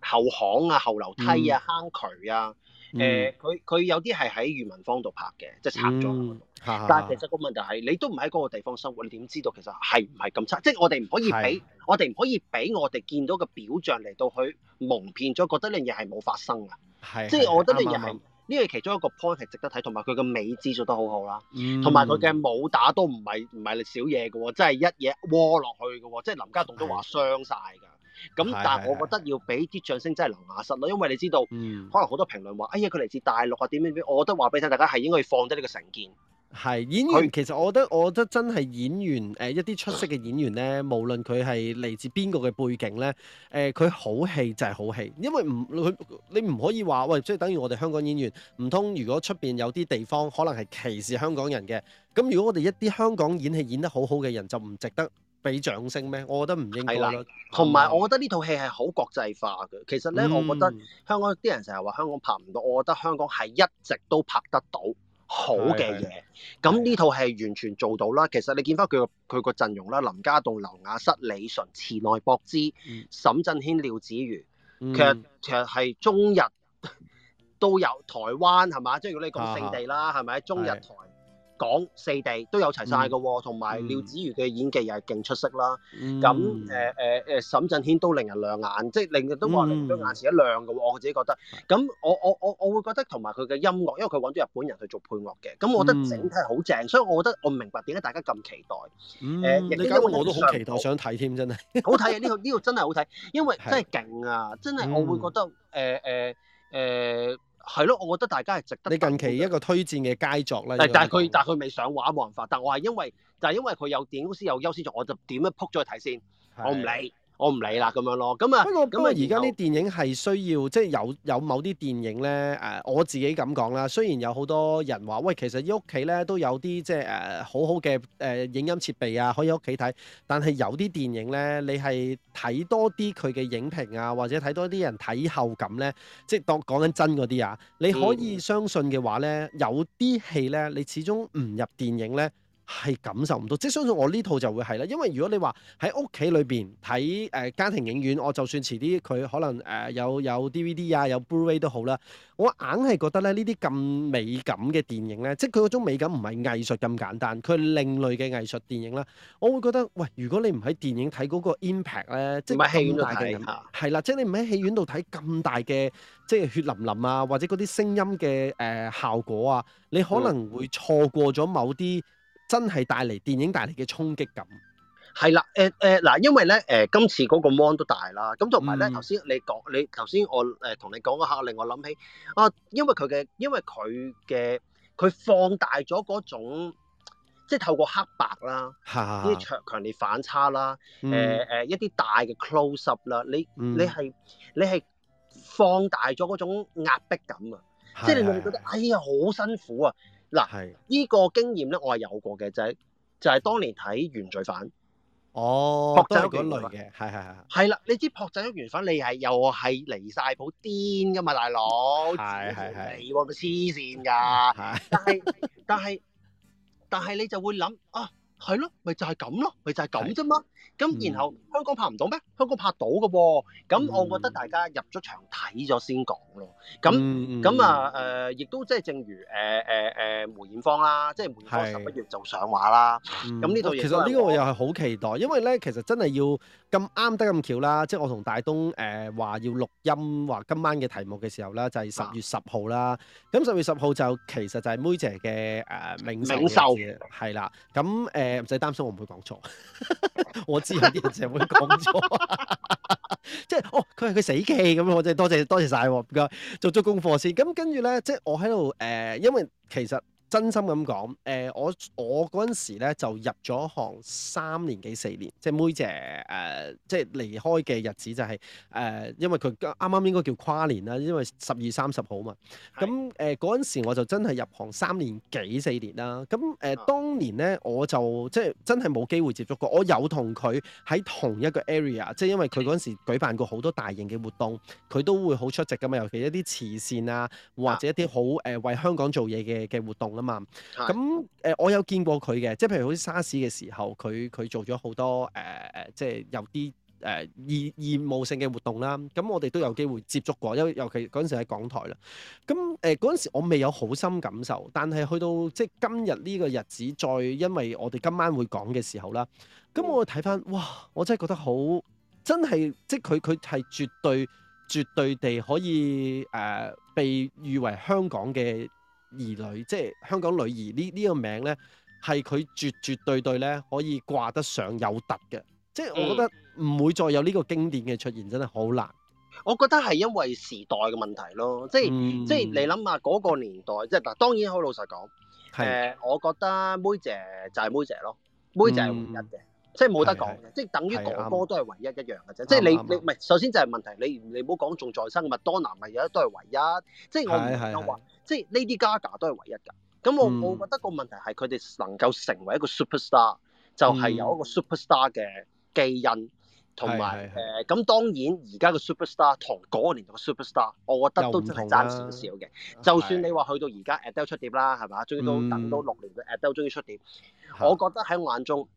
後巷啊、後樓梯啊、坑渠啊。誒佢佢有啲係喺漁民坊度拍嘅，即係拆咗嗰度、嗯啊、但係其實個問題係，你都唔喺嗰個地方生活，你點知道其實係唔係咁差？即係我哋唔可以俾是我哋唔可以俾我哋見到嘅表象嚟到去蒙騙咗，覺得呢樣嘢係冇發生㗎。係是，即係我覺得呢嘢係呢個其中一個 point 係值得睇，同埋佢嘅美指做得好好、啊、啦，同埋佢嘅武打都唔係唔係少嘢嘅喎，即係一嘢窩落去嘅喎，即係林家棟都話傷晒㗎。的咁，但係我覺得要俾啲掌聲真係劉雅瑟咯，因為你知道，嗯、可能好多評論話，哎呀佢嚟自大陸啊點點點，我覺得話俾你聽，大家係應該放低呢個成見。係演員，他其實我覺得我覺得真係演員，誒一啲出色嘅演員咧，無論佢係嚟自邊個嘅背景咧，誒、呃、佢好戲就係好戲，因為唔佢你唔可以話，喂即係等於我哋香港演員，唔通如果出邊有啲地方可能係歧視香港人嘅，咁如果我哋一啲香港演戲演得好好嘅人就唔值得俾掌聲咩？我覺得唔應該咯。同埋我覺得呢套戲係好國際化嘅。其實呢，嗯、我覺得香港啲人成日話香港拍唔到，我覺得香港係一直都拍得到好嘅嘢。咁呢套係完全做到啦。的其實你見翻佢個佢個陣容啦，林家棟、劉雅瑟、李淳、池內博之、嗯、沈震軒、廖子妤，嗯、其實其實係中日都有，台灣係嘛？即係如果你講聖地啦，係咪？中日台。港四地都有齊晒㗎喎，同埋廖子瑜嘅演技又係勁出色啦。咁誒誒誒，沈振軒都令人亮眼，即係令人都話令到眼前一亮㗎喎，我自己覺得。咁我我我我會覺得同埋佢嘅音樂，因為佢搵咗日本人去做配樂嘅。咁我覺得整體係好正，嗯、所以我覺得我唔明白點解大家咁期待。誒，我都好期待，我想睇添，真係。 好睇啊！呢、呢個呢、呢個呢個真係好睇，因為真係勁啊！的真係我會覺得誒誒誒。呃呃呃呃呃係咯，我覺得大家係值得你近期一個推薦嘅佳作，但係佢但係佢未上畫冇辦法，但我係因為，就係因為佢有電影公司有優先權，我就點一撲去睇先，是我唔理。我唔理啦咁樣咯，咁啊，咁啊，而家啲電影係需要，即係有有某啲電影咧誒，我自己咁講啦。雖然有好多人話，喂，其實屋企咧都有啲即係誒好好嘅誒、呃、影音設備啊，可以屋企睇。但係有啲電影咧，你係睇多啲佢嘅影評啊，或者睇多啲人睇後感咧，即係當講緊真嗰啲啊。你可以相信嘅話咧，嗯、有啲戲咧，你始終唔入電影咧。係感受唔到，即係相信我呢套就會係啦。因為如果你話喺屋企裏邊睇誒、呃、家庭影院，我就算遲啲佢可能誒、呃、有有 D V D 啊，有 Blu-ray 都好啦。我硬係覺得咧，呢啲咁美感嘅電影咧，即係佢嗰種美感唔係藝術咁簡單，佢另類嘅藝術電影啦。我會覺得喂，如果你唔喺電影睇嗰個 impact 咧，即係唔喺戲院度睇，係、嗯、啦，即、就、係、是、你唔喺戲院度睇咁大嘅即係血淋淋啊，或者嗰啲聲音嘅誒、呃、效果啊，你可能會錯過咗某啲。真係帶嚟電影帶嚟嘅衝擊感，係啦，誒、呃、誒，嗱、呃，因為咧，誒、呃，今次嗰個 mon 都大啦，咁同埋咧，頭先、嗯、你講，你頭先我誒同、呃、你講嗰下，令我諗起，啊、呃，因為佢嘅，因為佢嘅，佢放大咗嗰種，即係透過黑白啦，呢啲強強烈反差啦，誒誒、嗯呃呃，一啲大嘅 close up 啦、嗯，你你係你係放大咗嗰種壓迫感啊，即係你會唔會覺得，哎呀、呃哎呃，好辛苦啊！嗱，呢個經驗咧，我係有過嘅，就係就係當年睇《原罪犯》哦，朴贊郁嗰類嘅，係係係。係啦，你知朴贊郁嗰原犯，你係又係離晒譜癲㗎嘛，大佬，係係係，你喎咪黐線㗎，但係但係你就會諗啊。係咯，咪就係咁咯，咪就係咁啫嘛。咁、嗯、然後香港拍唔到咩？香港拍到嘅喎、哦。咁我覺得大家入咗場睇咗先講咯。咁咁、嗯、啊，誒、呃，亦都即係正如誒誒誒梅艷芳啦，即係梅艷芳十一月就上畫啦。咁呢度其實呢個我又係好期待，因為咧，其實真係要。咁啱得咁巧啦，即係我同大東誒話、呃、要錄音，話今晚嘅題目嘅時候啦，就係、是、十月十號啦。咁十、啊、月十號就其實就係梅姐嘅誒、呃、冥壽係啦。咁誒唔使擔心，我唔會講錯。 我知有啲人就會講錯， 即係哦，佢係佢死忌咁啊！我真係多謝多謝晒，唔該做足功課先。咁跟住咧，即係我喺度誒，因為，因為其實。其實真心咁講，誒、呃、我我嗰陣時咧就入咗行三年幾四年，即係梅姐誒、呃，即係離開嘅日子就係、是、誒、呃，因為佢啱啱應該叫跨年啦，因為十二三十號啊嘛。咁誒嗰陣時我就真係入行三年幾四年啦。咁誒、呃、當年咧我就即係真係冇機會接觸過，我有同佢喺同一個 area，即係因為佢嗰陣時舉辦過好多大型嘅活動，佢都會好出席㗎嘛，尤其一啲慈善啊或者一啲好誒、呃、為香港做嘢嘅嘅活動。啊嘛，咁誒、呃，我有見過佢嘅，即係譬如好似沙士嘅時候，佢佢做咗好多誒誒、呃，即係有啲誒、呃、義義務性嘅活動啦。咁我哋都有機會接觸過，因尤其嗰陣時喺港台啦。咁誒嗰陣時我未有好深感受，但係去到即係今日呢個日子，再因為我哋今晚會講嘅時候啦，咁我睇翻，哇！我真係覺得好真係，即係佢佢係絕對絕對地可以誒、呃、被譽為香港嘅。兒女，即係香港女兒呢呢個名咧，係佢絕絕對對咧，可以掛得上有突嘅，即係我覺得唔會再有呢個經典嘅出現，真係好難。我覺得係因為時代嘅問題咯，即係、嗯、即係你諗下嗰個年代，即係嗱，當然好老實講，誒、呃，的我覺得梅姐就係梅姐咯，梅姐係唯一嘅。嗯。即係冇得講，即係等於哥哥都係唯一一樣嘅啫。即係你你唔係首先就係問題，你你唔好講仲在生嘅麥當娜，咪而家都係唯一。即係我唔係話，即係呢啲 Gaga 都係唯一㗎。咁我我覺得個問題係佢哋能夠成為一個 super star，就係有一個 super star 嘅基因同埋誒。咁當然而家嘅 super star 同嗰年代嘅 super star，我覺得都真係爭少少嘅。就算你話去到而家 Adele 出碟啦，係嘛？終於都等到六年嘅 Adele 終於出碟，我覺得喺我眼中。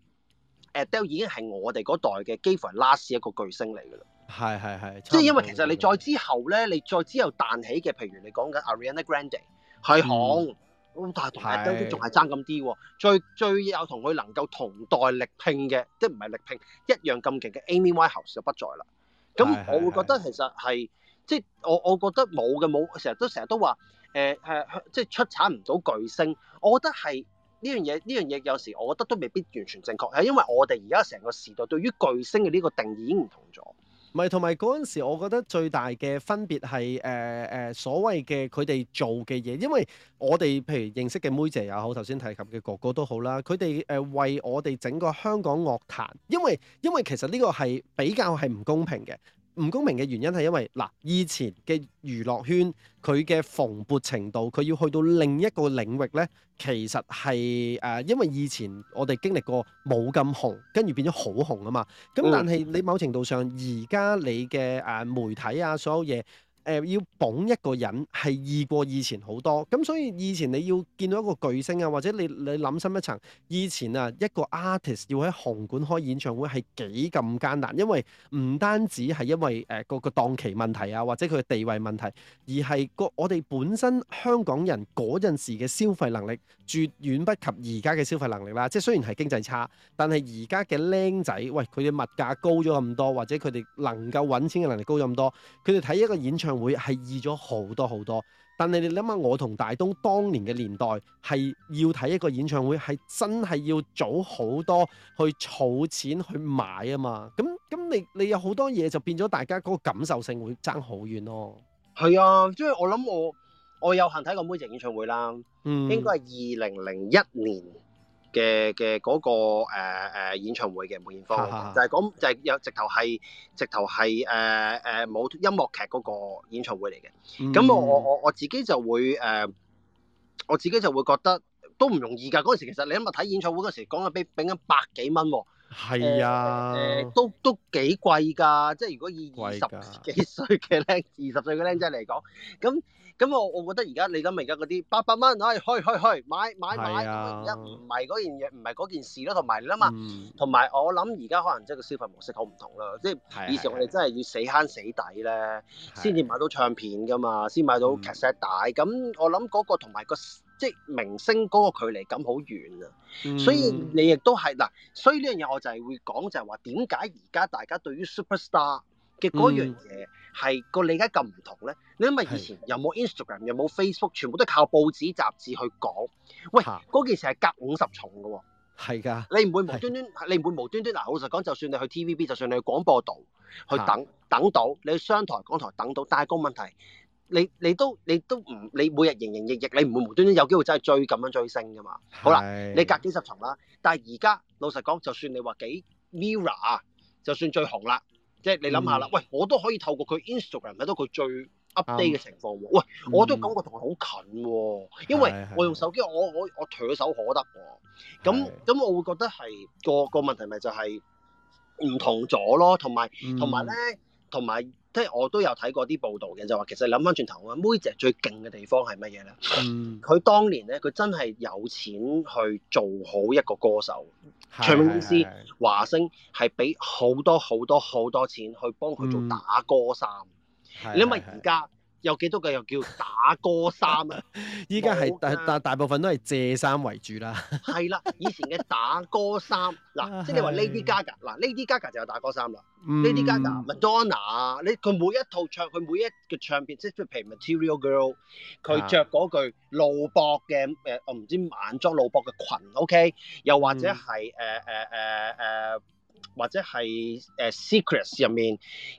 艾黛爾已經係我哋嗰代嘅幾乎係 last 一個巨星嚟㗎啦，係係係，即係因為其實你再之後咧，你再之後彈起嘅，譬如你講緊 Ariana Grande，係紅，嗯、但係同艾黛爾佢仲係爭咁啲，最最有同佢能夠同代力拼嘅，即係唔係力拼一樣咁勁嘅 Amy Winehouse 就不在啦。咁我會覺得其實係，的即係我我覺得冇嘅冇，成日都成日都話誒誒，即係出產唔到巨星，我覺得係。呢樣嘢，呢樣嘢有時我覺得都未必完全正確，係因為我哋而家成個時代對於巨星嘅呢個定義已經唔同咗。咪同埋嗰陣時，我覺得最大嘅分別係誒誒所謂嘅佢哋做嘅嘢，因為我哋譬如認識嘅梅姐又好，頭先提及嘅哥哥都好啦，佢哋誒為我哋整個香港樂壇，因為因為其實呢個係比較係唔公平嘅。唔公平嘅原因係因為嗱，以前嘅娛樂圈佢嘅蓬勃程度，佢要去到另一個領域呢。其實係誒、呃，因為以前我哋經歷過冇咁紅，跟住變咗好紅啊嘛。咁但係你某程度上而家你嘅誒、呃、媒體啊，所有嘢。誒要捧一個人係易過以前好多，咁所以以前你要見到一個巨星啊，或者你你諗深一層，以前啊一個 artist 要喺紅館開演唱會係幾咁艱難，因為唔單止係因為誒、呃、個個檔期問題啊，或者佢嘅地位問題，而係個我哋本身香港人陣時嘅消費能力絕遠不及而家嘅消費能力啦。即係雖然係經濟差，但係而家嘅僆仔，喂佢嘅物價高咗咁多，或者佢哋能夠揾錢嘅能力高咗咁多，佢哋睇一個演唱會會係易咗好多好多，但係你諗下，我同大東當年嘅年代係要睇一個演唱會，係真係要早好多去儲錢去買啊嘛，咁你，你有好多嘢就變咗，大家嗰個感受性會爭好遠咯，哦。係啊，即係我諗我我有幸睇過梅姐演唱會啦，嗯，應該係二零零一年。嘅嘅嗰個誒、呃呃、演唱會嘅梅艷芳，就係、是、咁就係、是、有直頭係直頭係誒誒冇音樂劇嗰個演唱會嚟嘅。咁、嗯、我我我我自己就會誒、呃，我自己就會覺得都唔容易㗎。嗰陣時其實你諗下睇演唱會嗰時，講緊俾俾緊百幾蚊喎，係啊，啊呃、都都幾貴㗎。即係如果以二十幾歲嘅僆的二十歲嘅僆仔嚟講，咁。嗯咁我我覺得而家你諗而家嗰啲八百蚊，哎去去去買買買，而家唔係嗰樣嘢，唔係嗰件事咯。同埋你諗啊，同埋、嗯、我諗而家可能即係個消費模式好唔同啦。嗯、即係以前我哋真係要死慳死抵咧，先至、嗯、買到唱片噶嘛，先、嗯、買到 cassette 帶。咁我諗嗰個同埋、嗰個即係明星嗰個距離感好遠啊，嗯、啊。所以你亦都係嗱，所以呢樣嘢我就係會講就係話點解而家大家對於 Superstar？嘅嗰樣嘢係個理解咁唔同咧，你諗下以前又冇 Instagram 又冇 Facebook，全部都靠報紙雜誌去講。喂，嗰件事係隔五十重嘅喎。係噶，你唔會無端端，你唔會無端端嗱。老實講，就算你去 TVB，就算你去廣播道去等等到，你去商台、港台等到，但係個問題，你你都你都唔，你每日營營役役，你唔會無端端有機會真係追咁樣追星嘅嘛？好啦，你隔幾十重啦。但係而家老實講，就算你話幾 Mirror 啊，就算最紅啦。即你諗下啦，嗯、喂，我都可以透過佢 Instagram 睇到佢最 update 嘅情況喎，嗯、喂，我都感覺同佢好近喎，哦，因為我用手機，的我我我唾手可得喎，咁咁的我會覺得係個個問題咪就係唔同咗咯，同埋同埋咧，同埋、嗯。即係我都有睇過啲報道嘅，就話、是、其實諗翻轉頭啊，梅姐最勁嘅地方係乜嘢咧？佢、嗯、當年咧，佢真係有錢去做好一個歌手，唱片公司華星係俾好多好多好多錢去幫佢做打歌衫、嗯，你諗下而家。是是是是有幾多個又叫打歌衫啊？依家係大 大大部分都係借衫為主啦。係 啦，以前嘅打歌衫嗱，即係你話 Lady Gaga 嗱 ，Lady Gaga 就有打歌衫啦。嗯、Lady Gaga、Madonna，你佢每一套唱佢每一個唱片，即係譬如 Material Girl，佢着嗰句露膊嘅誒，我、呃、唔知晚裝露膊嘅裙，OK？又或者係誒誒誒誒。或者係誒、呃、Secrets 入面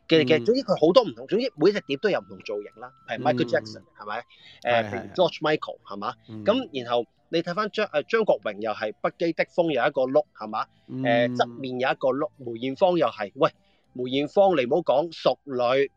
嘅嘅，總之佢好多唔同，總之每隻碟都有唔同造型啦。係、嗯、Michael Jackson 係咪、嗯？誒、呃、是 George Michael 係嘛？咁、嗯、然後你睇翻張誒、呃、張國榮又係不羈的風有一個碌係嘛？誒、呃、側面有一個碌，梅艷芳又係喂梅艷芳，你唔好講淑女。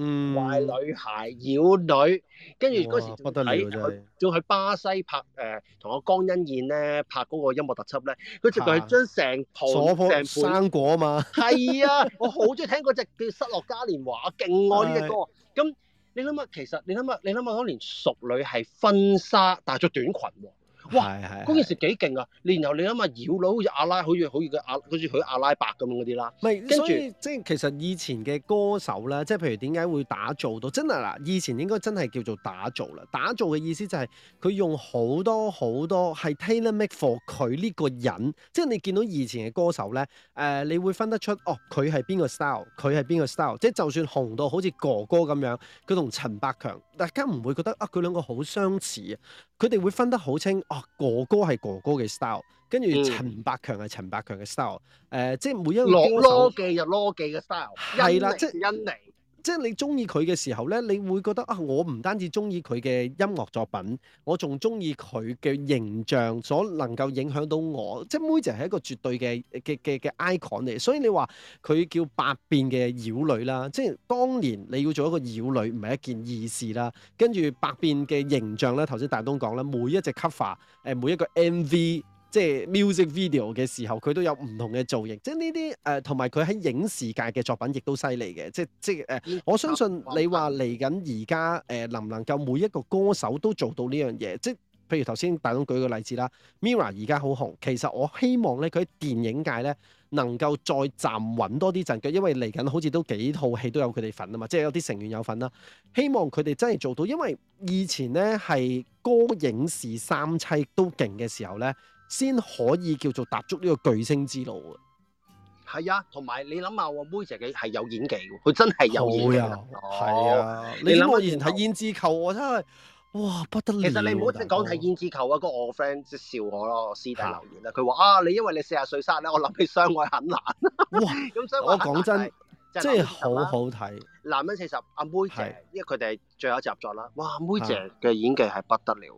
唔，壞女孩、妖女。跟住嗰時喺佢仲去巴西拍誒，同、呃、阿江欣燕咧拍嗰個音樂特輯咧，佢直佢係將成盤成、啊、盤生果嘛。係啊， 我好中意聽嗰隻叫《失落嘉年華》，勁愛呢隻歌。咁、哎、你諗下，其實你諗下，你諗下當年淑女係婚紗，但係着短裙喎。哇，係係、嗯，嗰件事幾勁啊！然後你諗下，妖佬好似阿拉好似好似個阿，好似佢阿拉伯咁樣嗰啲啦。唔係，後所以即係其實以前嘅歌手咧，即係譬如點解會打造到真係嗱？以前應該真係叫做打造啦。打造嘅意思就係、是、佢用好多好多係 tailor-made for 佢呢個人。即係你見到以前嘅歌手咧，誒、呃，你會分得出哦，佢係邊個 style，佢係邊個 style。即係就算紅到好似哥哥咁樣，佢同陳百強，大家唔會覺得啊，佢、哦、兩個好相似啊。佢哋會分得好清哥哥係哥哥嘅 style，跟住陳百強係陳百強嘅 style，誒、嗯呃、即係每一個攞攞記又攞記嘅 style，係啦的，即係因尼。即因尼即係你中意佢嘅時候咧，你會覺得啊，我唔單止中意佢嘅音樂作品，我仲中意佢嘅形象所能夠影響到我。即係梅姐係一個絕對嘅嘅嘅嘅 icon 嚟，所以你話佢叫百變嘅妖女啦。即係當年你要做一個妖女，唔係一件易事啦。跟住百變嘅形象咧，頭先大東講啦，每一隻 cover 誒，每一個，個 MV。即係 music video 嘅時候，佢都有唔同嘅造型。即係呢啲誒，同埋佢喺影視界嘅作品亦都犀利嘅。即即誒，呃、 我相信你話嚟緊而家誒，能唔能夠每一個歌手都做到呢樣嘢？即係譬如頭先大東舉個例子啦，Mirror 而家好紅。其實我希望咧，佢喺電影界咧能夠再站穩多啲陣腳，因為嚟緊好似都幾套戲都有佢哋份啊嘛。即係有啲成員有份啦。希望佢哋真係做到，因為以前咧係歌、影、視三棲都勁嘅時候咧。先可以叫做踏足呢個巨星之路啊，係啊，同埋你諗下喎，梅姐嘅係有演技嘅，佢真係有演技嘅，係啊。你諗我以前睇胭脂扣，我真係哇，不得了。其實你唔好淨係講睇胭脂扣啊，個我 friend 即係笑我咯，師弟留言啦，佢話啊，你因為你四十歲生咧，我諗起相愛很難。哇，咁所以我講真，即係好好睇。男人四十，阿梅姐，因為佢哋最後一集合作啦，哇，梅姐嘅演技係不得了。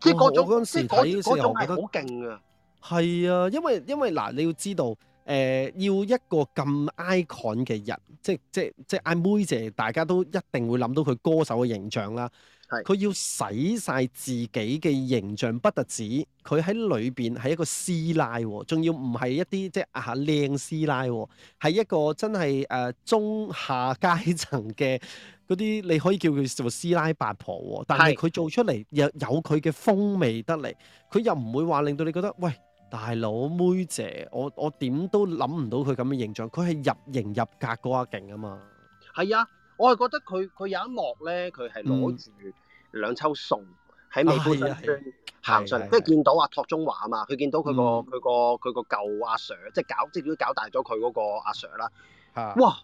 即係嗰種嗰陣時睇，好勁啊！係啊，因為因為嗱，你要知道，誒、呃，要一個咁 icon 嘅人，即係即係即係阿梅姐，大家都一定會諗到佢歌手嘅形象啦。佢係要洗晒自己嘅形象不，不特止佢喺裏邊係一個師奶、哦，仲要唔係一啲即係啊靚師奶，係一個真係誒、呃、中下階層嘅。嗰啲你可以叫佢做師奶八婆喎，但係佢做出嚟又有佢嘅風味得嚟，佢又唔會話令到你覺得喂，大佬梅姐，我我點都諗唔到佢咁嘅形象，佢係入型入格嗰個勁啊嘛。係啊，我係覺得佢佢有一幕咧，佢係攞住兩抽餸喺美孚新邨行上嚟，即係見到阿託中華啊嘛，佢見到佢個佢個佢個舊阿 sir，即係搞即係點都搞大咗佢嗰個阿 sir 啦。係啊，哇，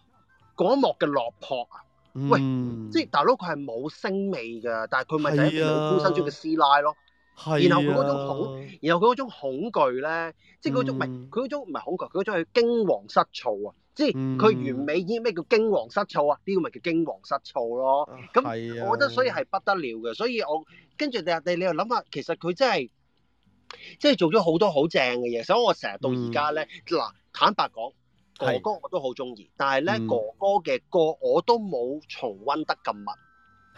嗰一幕嘅落魄啊！喂，嗯、即係大佬，佢係冇聲味㗎，但係佢咪就係一個孤身出嘅師奶咯。啊、然後佢嗰種恐，啊、然後佢嗰種恐懼咧，即係嗰種唔係佢嗰種唔係、嗯、恐懼，佢嗰種係驚惶失措啊！嗯、即係佢完美演繹咩叫驚惶失措啊？呢個咪叫驚惶失措咯。咁、啊，我覺得所以係不得了嘅。所以我跟住你，你你又諗下，其實佢真係即係做咗好多好正嘅嘢。所以、嗯，我成日到而家咧，嗱，坦白講。是哥哥我都好中意，但係咧、嗯、哥哥嘅歌我都冇重溫得咁密。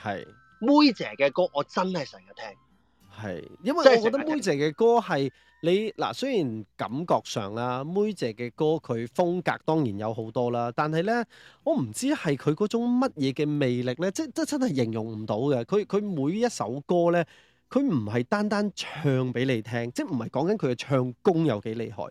係是，妹姐嘅歌我真係成日聽。係，因為我覺得妹姐嘅歌係你嗱，雖然感覺上啦，妹姐嘅歌佢風格當然有好多啦，但係咧我唔知係佢嗰種乜嘢嘅魅力咧，即係真真係形容唔到嘅。佢佢每一首歌咧，佢唔係單單唱俾你聽，即係唔係講緊佢嘅唱功有幾厲害。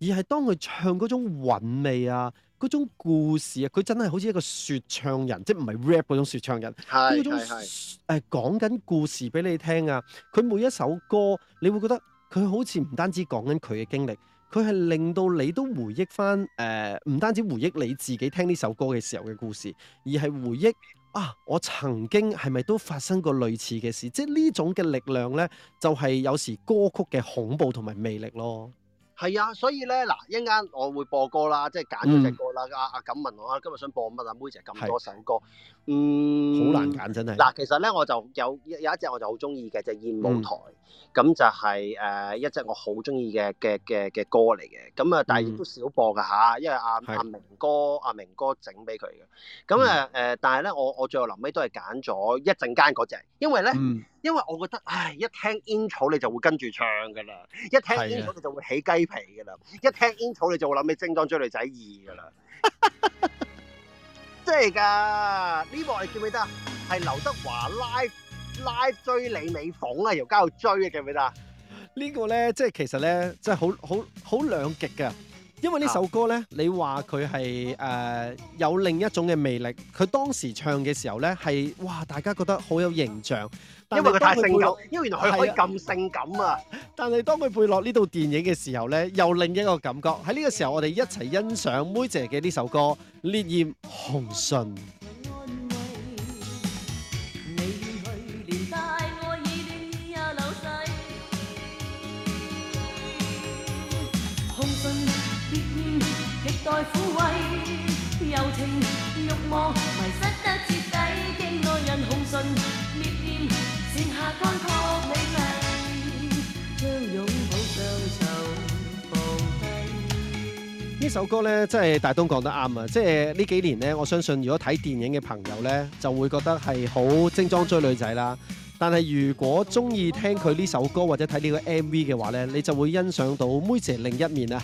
而係當佢唱嗰種韻味啊，嗰種故事啊，佢真係好似一個說唱人，即係唔係 rap 嗰種說唱人，嗰是種誒講緊故事俾你聽啊。佢每一首歌，你會覺得佢好似唔單止講緊佢嘅經歷，佢係令到你都回憶翻誒，呃、唔單止回憶你自己聽呢首歌嘅時候嘅故事，而係回憶啊，我曾經係咪都發生過類似嘅事？即係呢種嘅力量咧，就係、是、有時歌曲嘅恐怖同埋魅力咯。係啊，所以咧嗱，一陣間我會播歌啦，即係揀咗隻歌啦。阿阿錦問我啊，今日想播乜啊，梅姐咁多首歌，是嗯，好難揀真係。嗱，其實咧我就有有一隻我就好中意嘅，就是《艷舞台》，嗯，咁就係、是、誒、呃、一隻我好中意嘅嘅嘅嘅歌嚟嘅。咁啊，但係亦都少播㗎嚇，因為阿阿明哥阿明哥整俾佢嘅。咁啊誒，但係咧我我最後臨尾都係揀咗一陣間嗰隻，因為咧。因為我覺得，唉，一聽前奏你就會跟住唱噶啦，一聽前奏你就會起雞皮噶啦，的一聽前奏你就會諗起精裝追女仔二噶啦， 即係噶，呢幕你記唔記得啊？係劉德華 live live 追李美鳳啊，由家度追嘅記唔記得啊？見見個呢個咧，即係其實咧，即係好好好兩極嘅。因為呢首歌呢，你話佢係誒有另一種嘅魅力，佢當時唱嘅時候呢，係哇，大家覺得好有形象。因為佢太性感，因為原來佢可以咁性感啊！啊但係當佢配落呢套電影嘅時候呢，又另一個感覺。喺呢個時候，我哋一齊欣賞梅姐嘅呢首歌《烈焰紅唇》。呢首歌呢，真係大東講得啱啊！即係呢幾年呢，我相信如果睇電影嘅朋友呢，就會覺得係好精裝追女仔啦。但係如果中意聽佢呢首歌或者睇呢個 MV 嘅話呢，你就會欣賞到梅姐另一面啊！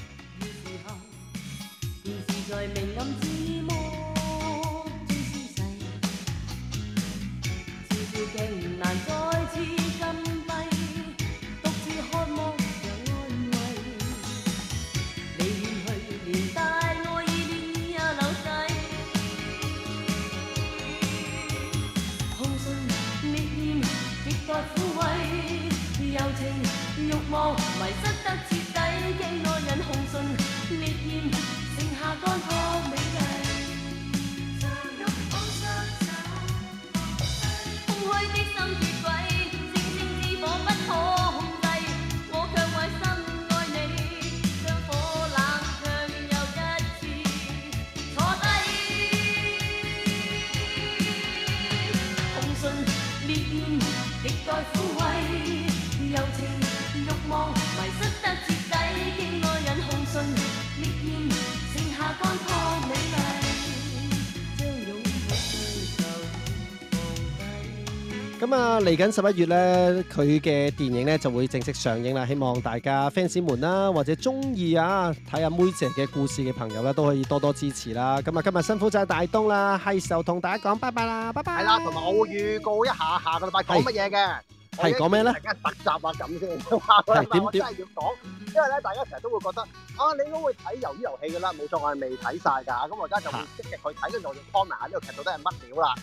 咁啊，嚟緊十一月咧，佢嘅電影咧就會正式上映啦。希望大家 fans 們啦，或者中意啊睇阿梅姐嘅故事嘅朋友咧，都可以多多支持啦。咁啊，今日辛苦晒大東啦，係時候同大家講拜拜啦，拜拜。係啦，同埋我會預告一下下個禮拜講乜嘢嘅。係講咩咧？大家特集啊咁先，點點？點講？因為咧，大家成日都會覺得啊，你都會睇《魷魚遊戲》噶啦，冇錯，我係未睇晒噶。咁我而家就會積極去睇，跟住我用 conline 呢個劇到底係乜料啦。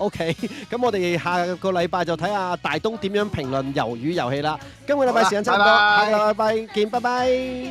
OK，咁我哋下個禮拜就睇下大東點樣評論魷魚遊戲啦。今個禮拜時間差唔多，下個禮拜見，拜拜。